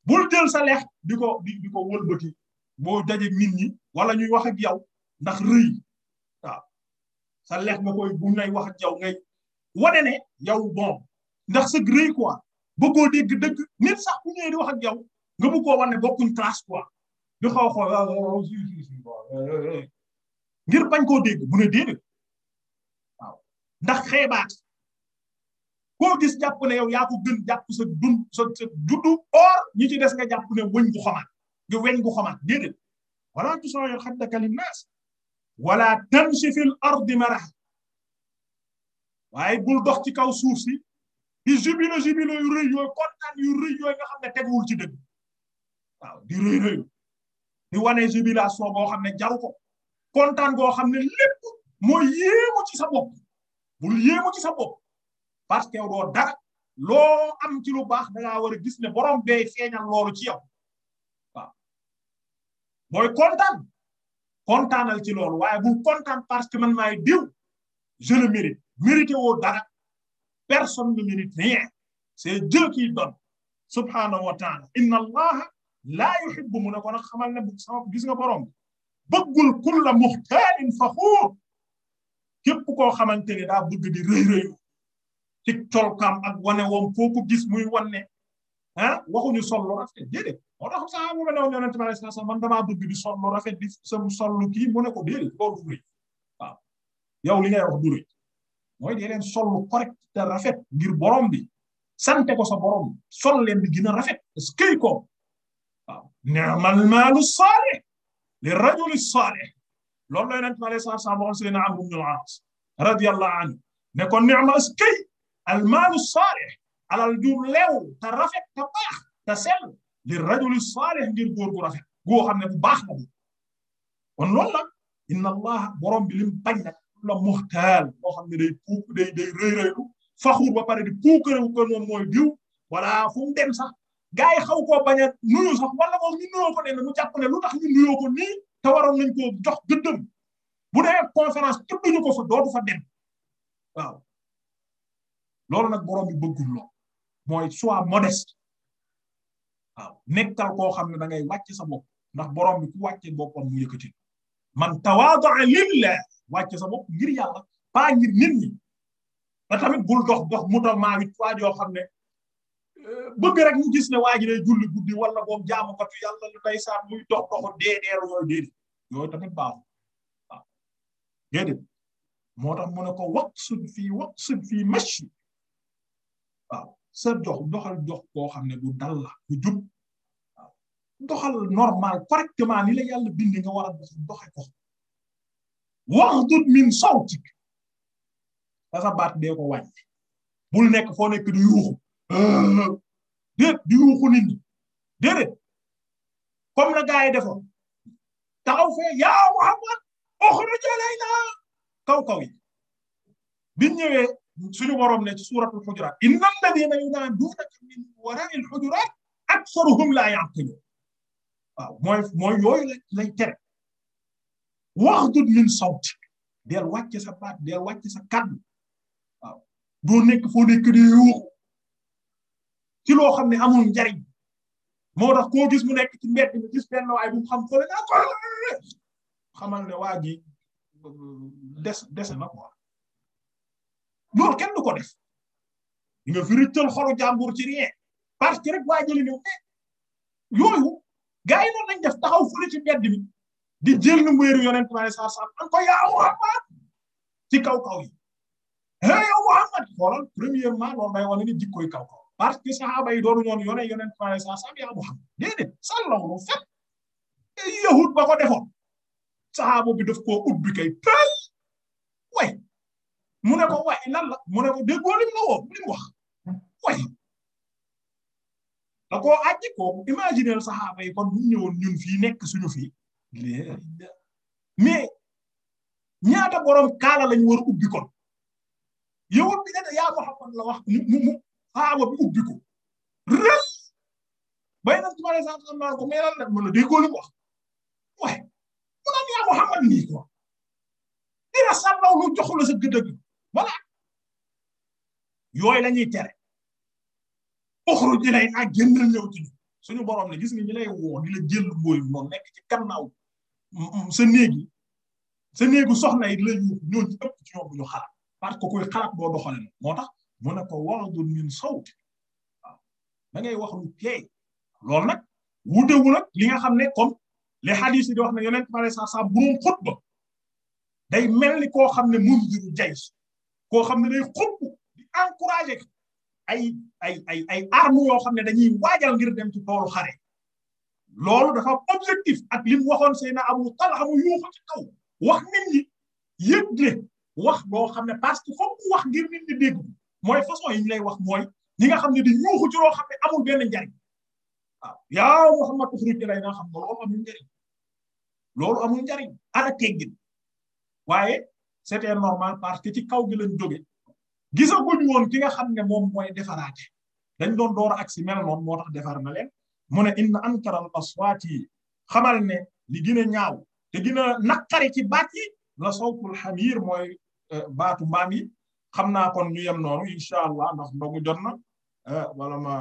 bul jël sa lex di ko di di ko wëlbati boo dajeeg nit ñi wala ñuy wax ak yow ndax rëy waaw sa lex nga koy bu nay wax ak yow ngay wane ne yow bon ndax sëg rëy quoi bëggoo dégg dëgg nit sax bu ñëwee di wax ak yow nga ko wane bokkuñ classe quoi di xaw a xool ngir bañ koo dégg bu ne déedéet ndax xeebaat koo gis jàpp ne yow yaa ko gën jàpp sa dund sa sa or ñi ci des nga jàpp ne wëñ gu xamaat nga weñ gu xamaat déedéet wala tusaawir xaddaka linnaas wala tamshi fil ardi maraha waaye bul dox ci kaw suuf si di jubilo jubilo yu rëy kontaan yu rëy nga xam ne teguwul ci dëgg waaw di rëy rëy di wane jubilation boo xam ne jaru ko kontaan goo xam ne lépp mooy yéemu ci sa bopp bul yéemu ci sa bopp parce que doo dara loo am ci lu baax dangaa war a gis ne borom bee feeñal ci yow waaw booy kontaan kontaanal ci loolu waaye bul kontaan parce que man maay diw je le mérite mérité woo dara personne ne mérite rien c'est Dieu qui donne wa taala inna allaha laa yuhibbu mu ne ko nag xamal ne bu sama gis nga borom bi bëggul kulla muxtaalin faxuur képp koo xamante ne daa bëgg di rëy rëyu ci ak wane woom foo ko gis muy wanne ah waxuñu sol lu rafet déedéet moo tax sax mu ne woon yonente bi di sol lu rafet di sam sol kii mu ne ko déedéet loolu waaw yow li ngay wax du rëy mooy dee leen sol lu correct te rafet ngir borom bi sante ko sa borom sol leen di rafet parce ko waaw ni'mal maalu saalih li rajuli saalih loolu la yonent bi alayhi salaatu salaam waxoon Seydina Amr ibn al-Aas radiyallahu anhu ne ko ni'mal askay al maalu saalih alal ju rafet te baax te sell li rajuli saalih ngir góor gu rafet goo xam ne bu baax la kon loolu la inna allah borom lim bañ la muxtaal moo xam ne day puuk day day rëy rëylu faxuur ba pare di puukarewu kon moom mooy diw voilà fu dem sax gars yi xaw koo bañ a nuyu sax wala moom ñu nuyoo ko ne ne mu jàpp ne lu tax ñu nuyoo ko nii te waroon nañ koo jox gëddëm bu dee conférence tudduñu ko fa dootu fa dem waaw loolu nag borom bi bëggul lool mooy soit modeste waaw nekkal koo xam ne da ngay wàcc sa bopp ndax borom bi ku wàcce boppam mu yëkkati man tawaadaa lillah wàcce sa bopp ngir yàlla pas ngir nit ñi ba tamit bul dox dox mu taw maa it waa joo xam ne euh, bëgg rek ñu gis ne waa ji day julli guddi wala boom jaamukatu yàlla lu day saan muy dox doxu deedeeru yooyu déedéet yooyu tamit baaxul waaw déedéet moo tax mu ne ko waqsud fii fi fii mashi waaw sa dox doxal dox koo xam ne du dal la du jub doxal normal correctement ni la yàlla bind nga war a dox doxe ko waxdud min sawtik da sa baat dee bul nekk foo nekk di yuuxu déet di yuuxu nit ñi comme na gars yi defoon taxaw yaa Muhammad uxruj alayna kaw kaw yi biñ ñëwee suñu borom ne ci suuratul xujuraat inna alladina yunaadunaka min waraa'il xujuraat aktharuhum laa ya'qiluun waaw mooy mooy yooyu la lay tere waxdud min sawti del wàcce sa baat del wàcce sa kàddu waaw doo nekk foo nekk di yuuxu ci loo xam ne amul njariñ moo tax koo gis mu nekk ci mbedd mi gis benn waay bu mu xam fële naa ko xamal ne waa ji des dese na quoi loolu kenn du ko def nga fi rëccal xolu jàmbur ci rien parce que rek waa jëli ne eh, yooyu gaa yi noonu lañ def taxaw fële ci di jël nu wéeru yonent bi alayhi salaatu salaam an ko yaa ci kaw kaw yi he yow Muhammad xoolal premièrement loolu day wane kaw kaw parce que saxaaba yi doonu ñoon yone yonent bi alayhi salaatu salaam yaa Muhammad déedéet sàllawlu fet yahud ba ko defoon saxaaba bi def koo ubbi kay tël way mu ne ko way lan la mu ne ko déggoo lim la woo lim da ko àjji kooku imaginer saxaaba yi kon bu ñëwoon ñun fii nekk suñu fii mais ñaata borom kaala lañ war a ubbi kon yow bi ne yaa Muhammad la wax mu mu saxaaba bi ubbi ko rëf bay na ci wàllu sànq naan ko mais lan la mën a déggoo li mu wax waaye mu naan yaa Muhammad nii quoi dina sàllaw lu jox la sa gëdd gi voilà yooyu la ñuy tere. uxruj ilayna génnal ñëw ci ñu suñu borom ne gis nga ñi lay woo di la jël mbooyu nekk ci gannaaw sa néegi sa néegu soxna yi la ñu ñoo ci ëpp ci ñoom bu parce que kuy xalaat boo doxale na moo tax mu ne ko waxdun min sawti waaw da ngay wax lu teey loolu nag wuutewu li nga xam ne comme les hadith yi di wax ne yonent bi alayhi salaam bu day mel ni koo xam ne mundiru jay koo xam ne day xutbu di encouragé ay ay ay ay armes yoo xam ne dañuy waaja ngir dem ci toolu xare loolu dafa am objectif ak li mu waxoon Seyna amu Talha mu yuuxu ci kaw wax nit ñi yëgle wax boo xam ne parce que foog wax ngir nit ñi dégg mooy façon yi ñu lay wax mooy ñi nga xam ne di yuuxu ci loo xam ne amul benn njariñ waaw yaa Muhammad uxruj ilayna xam nga loolu amul njariñ loolu amul njariñ ana teggin waaye c'était normal parce que ci kaw gi lañ jóge gisaguñ woon ki nga xam ne moom mooy defaraate dañ doon door ak si mel noonu moo tax defar na leen mu ne inna ankaral aswaat yi xamal ne li gën a ñaaw te gën a naqari ci baat yi la sawtul xamiir mooy euh, baatu mbaam yi xam naa kon ñu yem noonu incha allah ndax ndogu jot na euh, wala ma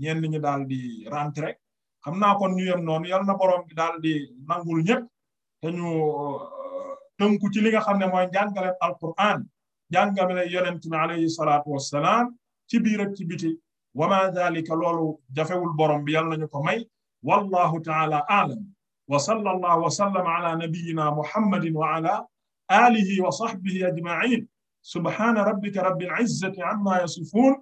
ñenn ñi daal di rentré xam naa kon ñu yem noonu yal na borom bi daal di nangul ñëpp te ñu euh, tënku ci li nga xam ne mooy njàngale alquran jàngale yonent bi alayhi salaatu wassalaam ci biir ak ci biti wa ma dalika loolu jafewul borom bi yàlla nañu ko may wallahu taala aalam wa sallallahu wa sallama ala nabiyyina muhammadin wa ala alihi wa sahbihi ajma'in subhana rabbika rabbil izzati amma yasifun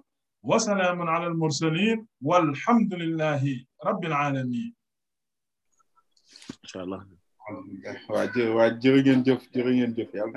wa salaamun ala al mursalin walhamdulillahi rabbil alamin incha allah waa jërë ngeen jëf jërë ngeen jëf yàlla